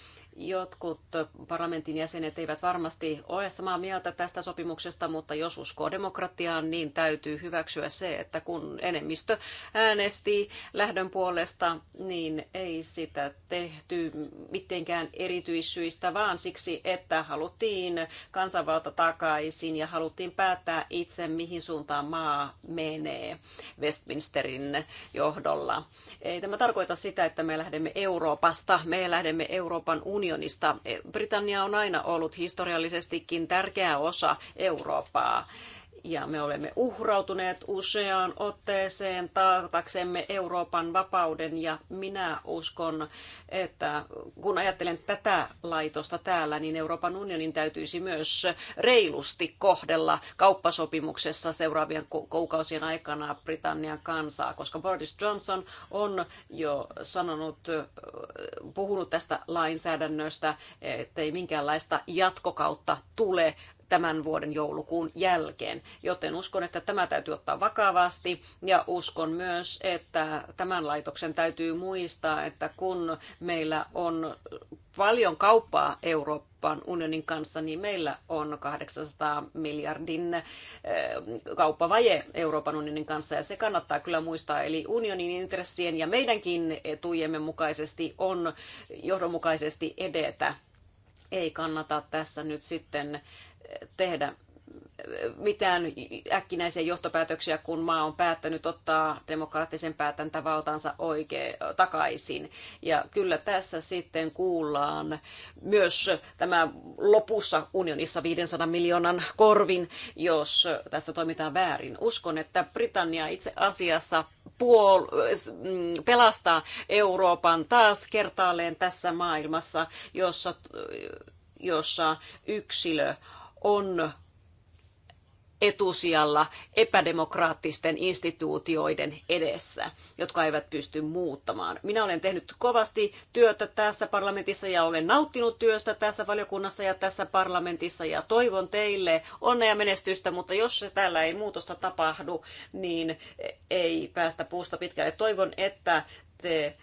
Jotkut parlamentin jäsenet eivät varmasti ole samaa mieltä tästä sopimuksesta, mutta jos uskoo demokratiaan, niin täytyy hyväksyä se, että kun enemmistö äänesti lähdön puolesta, niin ei sitä tehty mitenkään erityissyistä, vaan siksi, että haluttiin kansanvalta takaisin ja haluttiin päättää itse, mihin suuntaan maa menee Westminsterin johdolla. Ei tämä tarkoita sitä, että me lähdemme Euroopasta, me lähdemme Euroopan unionista unionista. Britannia on aina ollut historiallisestikin tärkeä osa Eurooppaa ja me olemme uhrautuneet useaan otteeseen taataksemme Euroopan vapauden ja minä uskon, että kun ajattelen tätä laitosta täällä, niin Euroopan unionin täytyisi myös reilusti kohdella kauppasopimuksessa seuraavien kuukausien aikana Britannian kansaa, koska Boris Johnson on jo sanonut, puhunut tästä lainsäädännöstä, ei minkäänlaista jatkokautta tule tämän vuoden joulukuun jälkeen. Joten uskon, että tämä täytyy ottaa vakavasti ja uskon myös, että tämän laitoksen täytyy muistaa, että kun meillä on paljon kauppaa Euroopan unionin kanssa, niin meillä on 800 miljardin eh, kauppavaje Euroopan unionin kanssa ja se kannattaa kyllä muistaa. Eli unionin intressien ja meidänkin etujemme mukaisesti on johdonmukaisesti edetä ei kannata tässä nyt sitten tehdä mitään äkkinäisiä johtopäätöksiä, kun maa on päättänyt ottaa demokraattisen päätäntävaltaansa oikein takaisin. Ja kyllä tässä sitten kuullaan myös tämä lopussa unionissa 500 miljoonan korvin, jos tässä toimitaan väärin. Uskon, että Britannia itse asiassa puol- pelastaa Euroopan taas kertaalleen tässä maailmassa, jossa, jossa yksilö on etusijalla epädemokraattisten instituutioiden edessä, jotka eivät pysty muuttamaan. Minä olen tehnyt kovasti työtä tässä parlamentissa ja olen nauttinut työstä tässä valiokunnassa ja tässä parlamentissa ja toivon teille onnea ja menestystä, mutta jos täällä ei muutosta tapahdu, niin ei päästä puusta pitkälle. Toivon, että te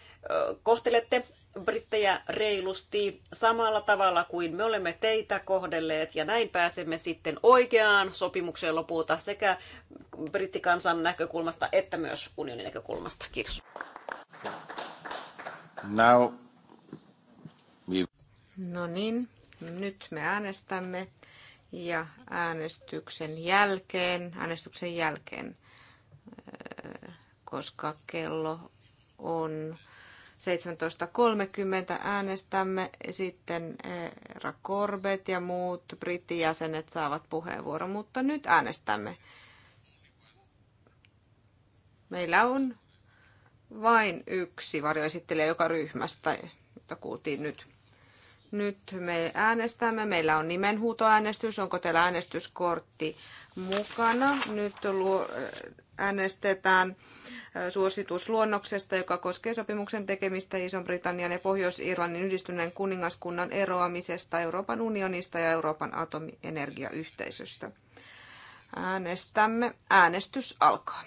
kohtelette brittejä reilusti samalla tavalla kuin me olemme teitä kohdelleet ja näin pääsemme sitten oikeaan sopimukseen lopulta sekä brittikansan näkökulmasta että myös unionin näkökulmasta. Kiitos. Now. No niin, nyt me äänestämme ja äänestyksen jälkeen, äänestyksen jälkeen, äh, koska kello on 17.30 äänestämme, sitten Herra eh, Corbett ja muut brittijäsenet saavat puheenvuoron, mutta nyt äänestämme. Meillä on vain yksi varjoesittelijä joka ryhmästä, jota kuultiin nyt. Nyt me äänestämme. Meillä on nimenhuutoäänestys. Onko teillä äänestyskortti mukana? Nyt äänestetään suositusluonnoksesta, joka koskee sopimuksen tekemistä iso britannian ja Pohjois-Irlannin yhdistyneen kuningaskunnan eroamisesta Euroopan unionista ja Euroopan atomienergiayhteisöstä. Äänestämme. Äänestys alkaa.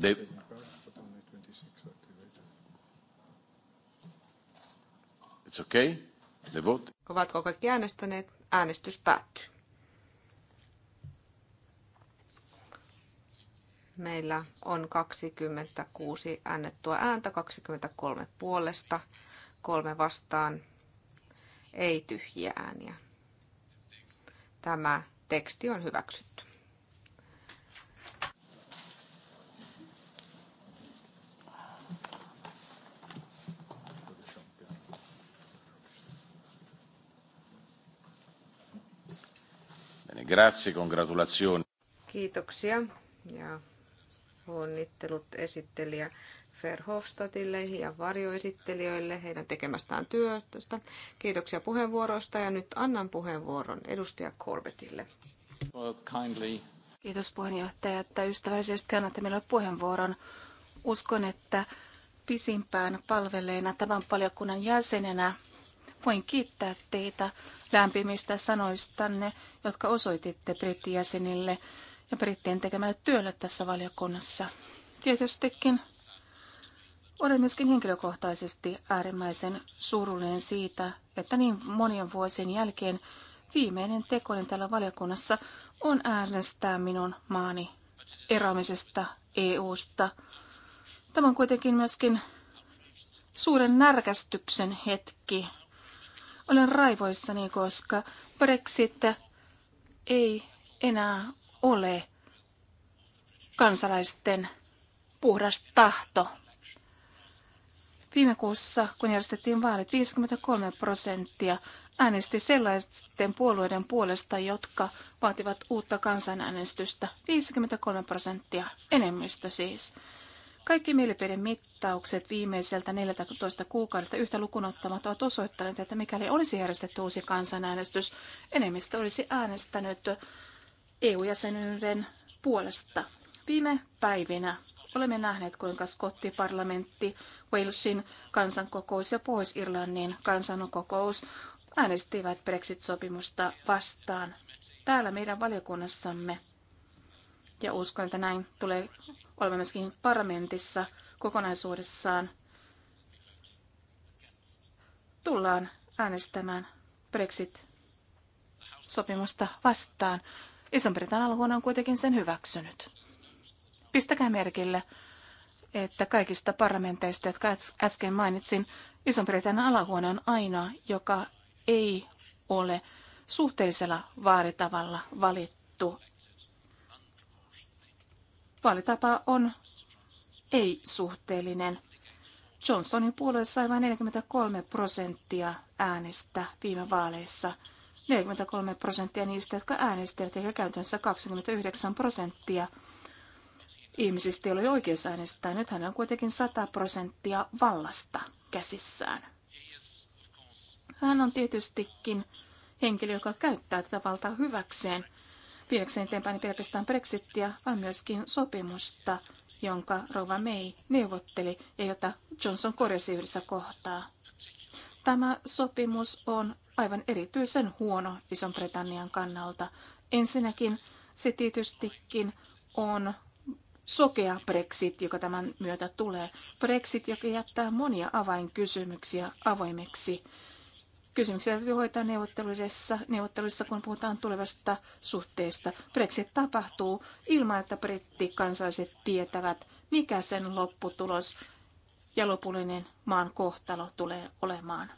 They, It's okay. The vote. Ovatko kaikki äänestäneet? Äänestys päättyy. Meillä on 26 annettua ääntä, 23 puolesta, kolme vastaan, ei tyhjiä ääniä. Tämä teksti on hyväksytty. Grazie, congratulazioni. Kiitoksia ja onnittelut esittelijä Verhofstadille ja varjoesittelijöille heidän tekemästään työstä. Kiitoksia puheenvuoroista ja nyt annan puheenvuoron edustaja Corbettille. Kiitos puheenjohtaja, että ystävällisesti annatte minulle puheenvuoron. Uskon, että pisimpään palveleena tämän valiokunnan jäsenenä voin kiittää teitä lämpimistä sanoistanne, jotka osoititte brittijäsenille ja brittien tekemälle työlle tässä valiokunnassa. Tietystikin olen myöskin henkilökohtaisesti äärimmäisen surullinen siitä, että niin monien vuosien jälkeen viimeinen tekoinen täällä valiokunnassa on äänestää minun maani eroamisesta EU-sta. Tämä on kuitenkin myöskin suuren närkästyksen hetki olen raivoissani, koska Brexit ei enää ole kansalaisten puhdas tahto. Viime kuussa, kun järjestettiin vaalit, 53 prosenttia äänesti sellaisten puolueiden puolesta, jotka vaativat uutta kansanäänestystä. 53 prosenttia, enemmistö siis. Kaikki mielipidemittaukset viimeiseltä 14 kuukaudelta yhtä lukunottamatta ovat osoittaneet, että mikäli olisi järjestetty uusi kansanäänestys, enemmistö olisi äänestänyt EU-jäsenyyden puolesta. Viime päivinä olemme nähneet, kuinka parlamentti Walesin kansankokous ja Pohjois-Irlannin kansankokous äänestivät Brexit-sopimusta vastaan täällä meidän valiokunnassamme. Ja uskon, että näin tulee olemme myöskin parlamentissa kokonaisuudessaan tullaan äänestämään Brexit-sopimusta vastaan. Ison-Britannian alhuone on kuitenkin sen hyväksynyt. Pistäkää merkille, että kaikista parlamenteista, jotka äsken mainitsin, Ison-Britannian alahuone on ainoa, joka ei ole suhteellisella vaaritavalla valittu Vaalitapa on ei-suhteellinen. Johnsonin puolue sai vain 43 prosenttia äänestä viime vaaleissa. 43 prosenttia niistä, jotka äänestivät, eikä käytännössä 29 prosenttia ihmisistä, ei oli oikeus äänestää. Nyt hän on kuitenkin 100 prosenttia vallasta käsissään. Hän on tietystikin henkilö, joka käyttää tätä valtaa hyväkseen viedäkseen eteenpäin niin pelkästään Brexittiä, vaan myöskin sopimusta, jonka Rova May neuvotteli ja jota Johnson korjasi yhdessä kohtaa. Tämä sopimus on aivan erityisen huono Ison-Britannian kannalta. Ensinnäkin se tietystikin on sokea Brexit, joka tämän myötä tulee. Brexit, joka jättää monia avainkysymyksiä avoimeksi Kysymyksiä täytyy hoitaa neuvotteluissa, neuvotteluissa, kun puhutaan tulevasta suhteesta. Brexit tapahtuu ilman, että brittikansalaiset tietävät, mikä sen lopputulos ja lopullinen maan kohtalo tulee olemaan.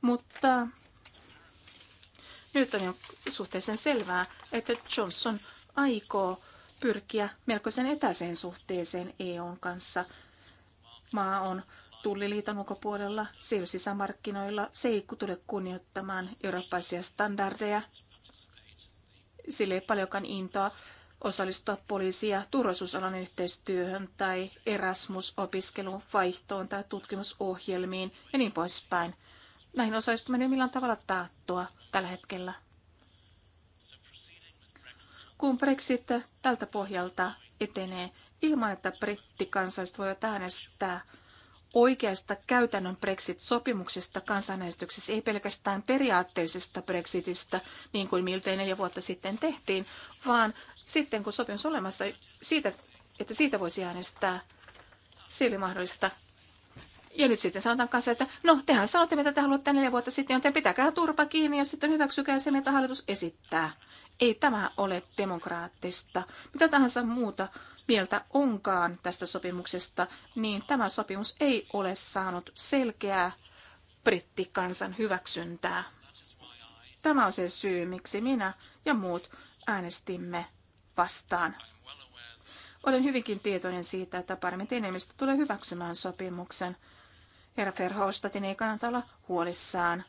Mutta nyt on jo suhteellisen selvää, että Johnson aikoo pyrkiä melkoisen etäiseen suhteeseen EUn kanssa. Maa on tulliliiton ulkopuolella, se ei ole sisämarkkinoilla, se ei tule kunnioittamaan eurooppaisia standardeja. Sillä ei paljonkaan intoa osallistua poliisia turvallisuusalan yhteistyöhön tai Erasmus-opiskelun vaihtoon tai tutkimusohjelmiin ja niin poispäin. Näihin osallistuminen ei millään tavalla taattua tällä hetkellä. Kun Brexit tältä pohjalta etenee ilman, että brittikansalaiset voivat äänestää oikeasta käytännön Brexit-sopimuksesta kansanäänestyksessä, ei pelkästään periaatteellisesta Brexitistä, niin kuin miltei neljä vuotta sitten tehtiin, vaan sitten kun sopimus olemassa, siitä, että siitä voisi äänestää, se oli mahdollista. Ja nyt sitten sanotaan kanssa, että no tehän sanotte, mitä te haluatte neljä vuotta sitten, joten pitäkää turpa kiinni ja sitten hyväksykää se, mitä hallitus esittää. Ei tämä ole demokraattista. Mitä tahansa muuta mieltä onkaan tästä sopimuksesta, niin tämä sopimus ei ole saanut selkeää brittikansan hyväksyntää. Tämä on se syy, miksi minä ja muut äänestimme vastaan. Olen hyvinkin tietoinen siitä, että parlamentin enemmistö tulee hyväksymään sopimuksen. Herra Verhoostatin ei kannata olla huolissaan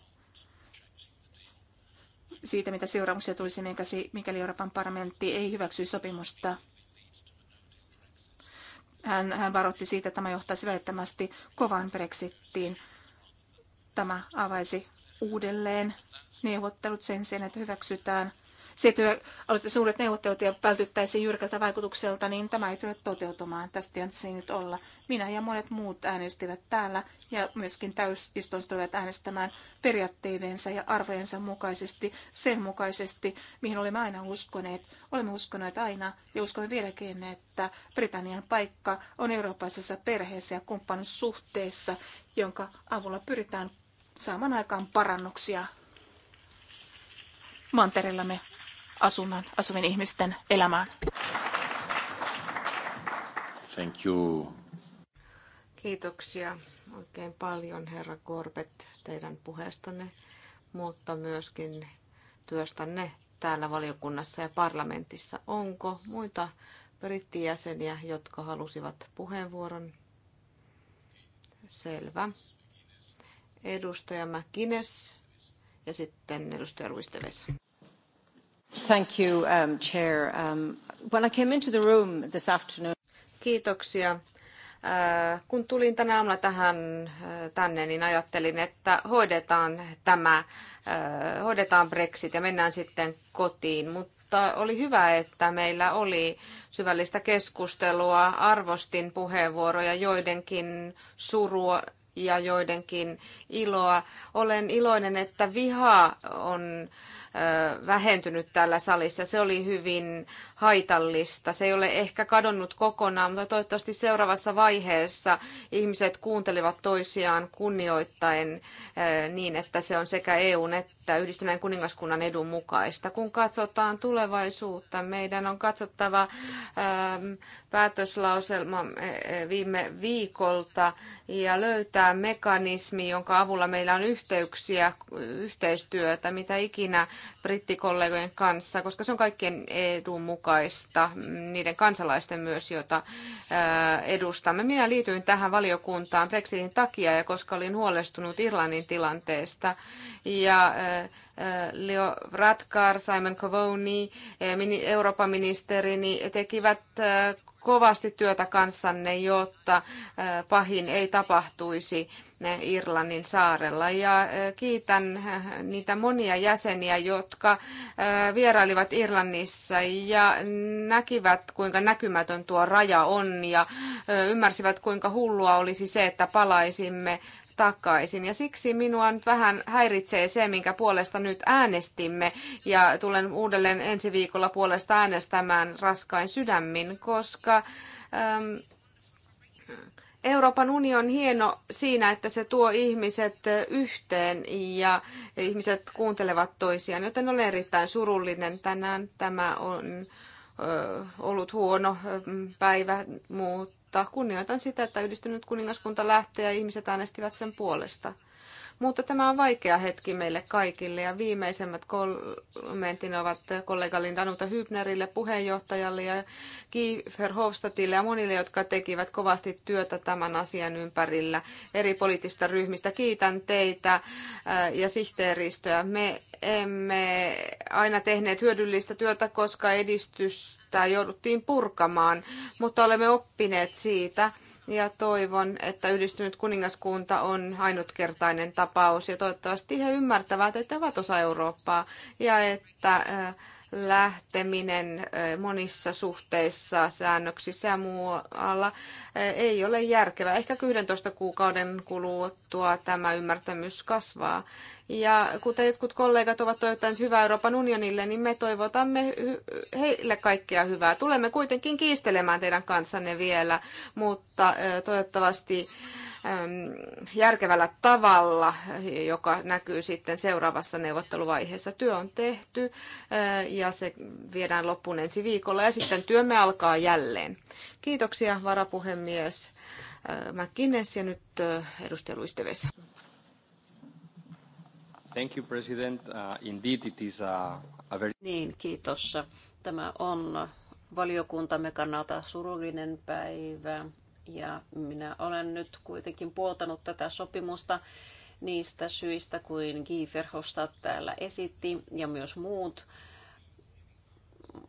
siitä, mitä seuraamuksia tulisi, mikäli Euroopan parlamentti ei hyväksy sopimusta. Hän, hän varoitti siitä, että tämä johtaisi välittömästi kovan brexittiin. Tämä avaisi uudelleen neuvottelut sen sijaan, että hyväksytään se, että aloitte suuret neuvottelut ja vältyttäisiin jyrkältä vaikutukselta, niin tämä ei tule toteutumaan. Tästä tilanteessa ei nyt olla. Minä ja monet muut äänestivät täällä ja myöskin täysistunnossa tulevat äänestämään periaatteidensa ja arvojensa mukaisesti, sen mukaisesti, mihin olemme aina uskoneet. Olemme uskoneet aina ja uskomme vieläkin, että Britannian paikka on eurooppalaisessa perheessä ja kumppanussuhteessa, jonka avulla pyritään saamaan aikaan parannuksia mantereellamme asunnon, asuvien ihmisten elämään. Thank you. Kiitoksia oikein paljon, herra Korpet teidän puheestanne, mutta myöskin työstänne täällä valiokunnassa ja parlamentissa. Onko muita brittijäseniä, jotka halusivat puheenvuoron? Selvä. Edustaja Mäkines ja sitten edustaja Ruisteves. Kiitoksia. Kun tulin tänä aamuna tähän, äh, tänne, niin ajattelin, että hoidetaan tämä, äh, hoidetaan Brexit ja mennään sitten kotiin. Mutta oli hyvä, että meillä oli syvällistä keskustelua, arvostin puheenvuoroja, joidenkin surua ja joidenkin iloa. Olen iloinen, että viha on vähentynyt täällä salissa. Se oli hyvin haitallista. Se ei ole ehkä kadonnut kokonaan, mutta toivottavasti seuraavassa vaiheessa ihmiset kuuntelivat toisiaan kunnioittaen niin, että se on sekä EUn että yhdistyneen kuningaskunnan edun mukaista. Kun katsotaan tulevaisuutta, meidän on katsottava päätöslauselma viime viikolta ja löytää mekanismi, jonka avulla meillä on yhteyksiä, yhteistyötä, mitä ikinä brittikollegojen kanssa, koska se on kaikkien edun mukaista, niiden kansalaisten myös, joita edustamme. Minä liityin tähän valiokuntaan Brexitin takia ja koska olin huolestunut Irlannin tilanteesta. Ja Leo Ratkar Simon Covoni, Euroopan ministeri, niin tekivät kovasti työtä kanssanne, jotta pahin ei tapahtuisi Irlannin saarella. Ja kiitän niitä monia jäseniä, jotka vierailivat Irlannissa ja näkivät, kuinka näkymätön tuo raja on ja ymmärsivät, kuinka hullua olisi se, että palaisimme takaisin. Ja siksi minua nyt vähän häiritsee se, minkä puolesta nyt äänestimme. Ja tulen uudelleen ensi viikolla puolesta äänestämään raskain sydämin, koska ähm, Euroopan union on hieno siinä, että se tuo ihmiset yhteen ja ihmiset kuuntelevat toisiaan, joten olen erittäin surullinen tänään. Tämä on ollut huono päivä, mutta mutta kunnioitan sitä, että yhdistynyt kuningaskunta lähtee ja ihmiset äänestivät sen puolesta. Mutta tämä on vaikea hetki meille kaikille ja viimeisemmät kommentin ovat kollega Lindanuta Hybnerille, puheenjohtajalle ja Kiefer Hofstadille ja monille, jotka tekivät kovasti työtä tämän asian ympärillä eri poliittista ryhmistä. Kiitän teitä äh, ja sihteeristöä. Me emme aina tehneet hyödyllistä työtä, koska edistystä jouduttiin purkamaan, mutta olemme oppineet siitä, ja toivon, että yhdistynyt kuningaskunta on ainutkertainen tapaus ja toivottavasti he ymmärtävät, että ovat osa Eurooppaa ja että äh, lähteminen äh, monissa suhteissa, säännöksissä ja muualla äh, ei ole järkevää. Ehkä 11 kuukauden kuluttua tämä ymmärtämys kasvaa ja kuten jotkut kollegat ovat toivottaneet hyvää Euroopan unionille, niin me toivotamme heille kaikkea hyvää. Tulemme kuitenkin kiistelemään teidän kanssanne vielä, mutta toivottavasti järkevällä tavalla, joka näkyy sitten seuraavassa neuvotteluvaiheessa. Työ on tehty ja se viedään loppuun ensi viikolla ja sitten työmme alkaa jälleen. Kiitoksia varapuhemies McGuinness ja nyt edustaja Luistevesi. Thank you, President. Uh, indeed, it is uh, a very... Niin, kiitos. Tämä on valiokuntamme kannalta surullinen päivä ja minä olen nyt kuitenkin puoltanut tätä sopimusta niistä syistä kuin Guy Verhofstadt täällä esitti ja myös muut.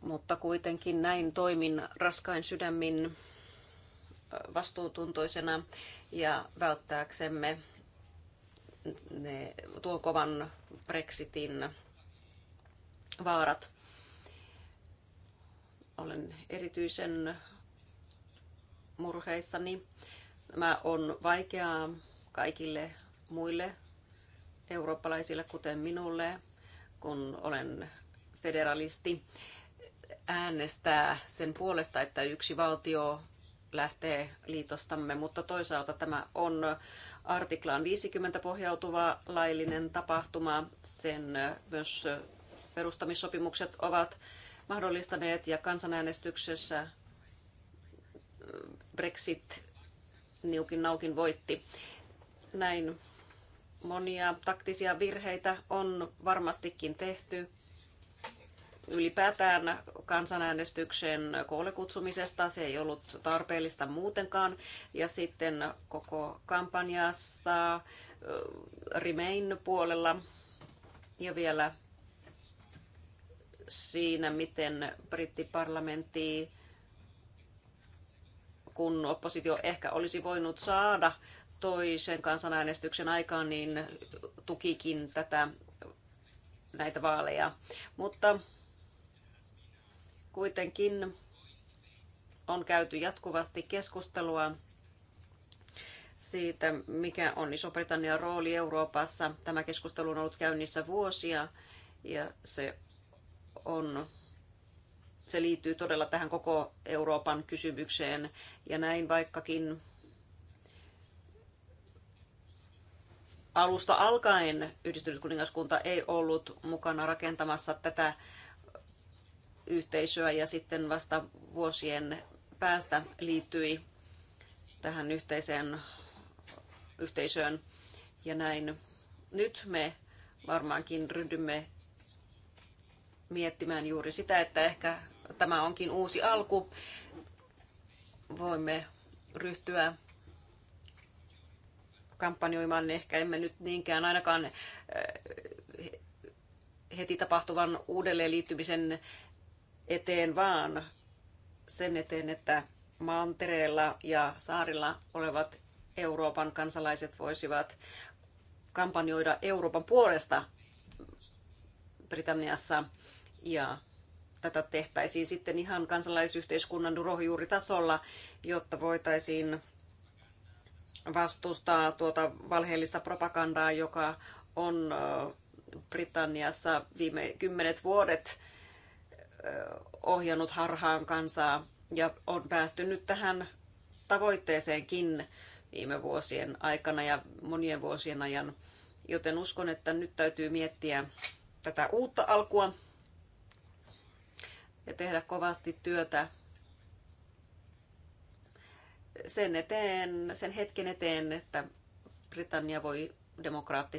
Mutta kuitenkin näin toimin raskain sydämin vastuutuntoisena ja välttääksemme ne, tuo kovan Brexitin vaarat. Olen erityisen murheissani. Tämä on vaikeaa kaikille muille eurooppalaisille, kuten minulle, kun olen federalisti, äänestää sen puolesta, että yksi valtio lähtee liitostamme, mutta toisaalta tämä on artiklaan 50 pohjautuva laillinen tapahtuma. Sen myös perustamissopimukset ovat mahdollistaneet ja kansanäänestyksessä Brexit niukin naukin voitti. Näin monia taktisia virheitä on varmastikin tehty ylipäätään kansanäänestyksen koolle kutsumisesta. Se ei ollut tarpeellista muutenkaan. Ja sitten koko kampanjasta Remain puolella ja vielä siinä, miten brittiparlamentti, kun oppositio ehkä olisi voinut saada toisen kansanäänestyksen aikaan, niin tukikin tätä näitä vaaleja. Mutta Kuitenkin on käyty jatkuvasti keskustelua siitä, mikä on Iso-Britannian rooli Euroopassa. Tämä keskustelu on ollut käynnissä vuosia ja se on se liittyy todella tähän koko Euroopan kysymykseen. Ja näin vaikkakin alusta alkaen yhdistynyt kuningaskunta ei ollut mukana rakentamassa tätä yhteisöä ja sitten vasta vuosien päästä liittyi tähän yhteiseen yhteisöön. Ja näin nyt me varmaankin ryhdymme miettimään juuri sitä, että ehkä tämä onkin uusi alku. Voimme ryhtyä kampanjoimaan, ehkä emme nyt niinkään ainakaan eh, heti tapahtuvan uudelleen liittymisen eteen, vaan sen eteen, että mantereella ja saarilla olevat Euroopan kansalaiset voisivat kampanjoida Euroopan puolesta Britanniassa ja tätä tehtäisiin sitten ihan kansalaisyhteiskunnan rohjuuritasolla, jotta voitaisiin vastustaa tuota valheellista propagandaa, joka on Britanniassa viime kymmenet vuodet ohjannut harhaan kansaa ja on päästy nyt tähän tavoitteeseenkin viime vuosien aikana ja monien vuosien ajan. Joten uskon, että nyt täytyy miettiä tätä uutta alkua ja tehdä kovasti työtä sen, eteen, sen hetken eteen, että Britannia voi demokraattisesti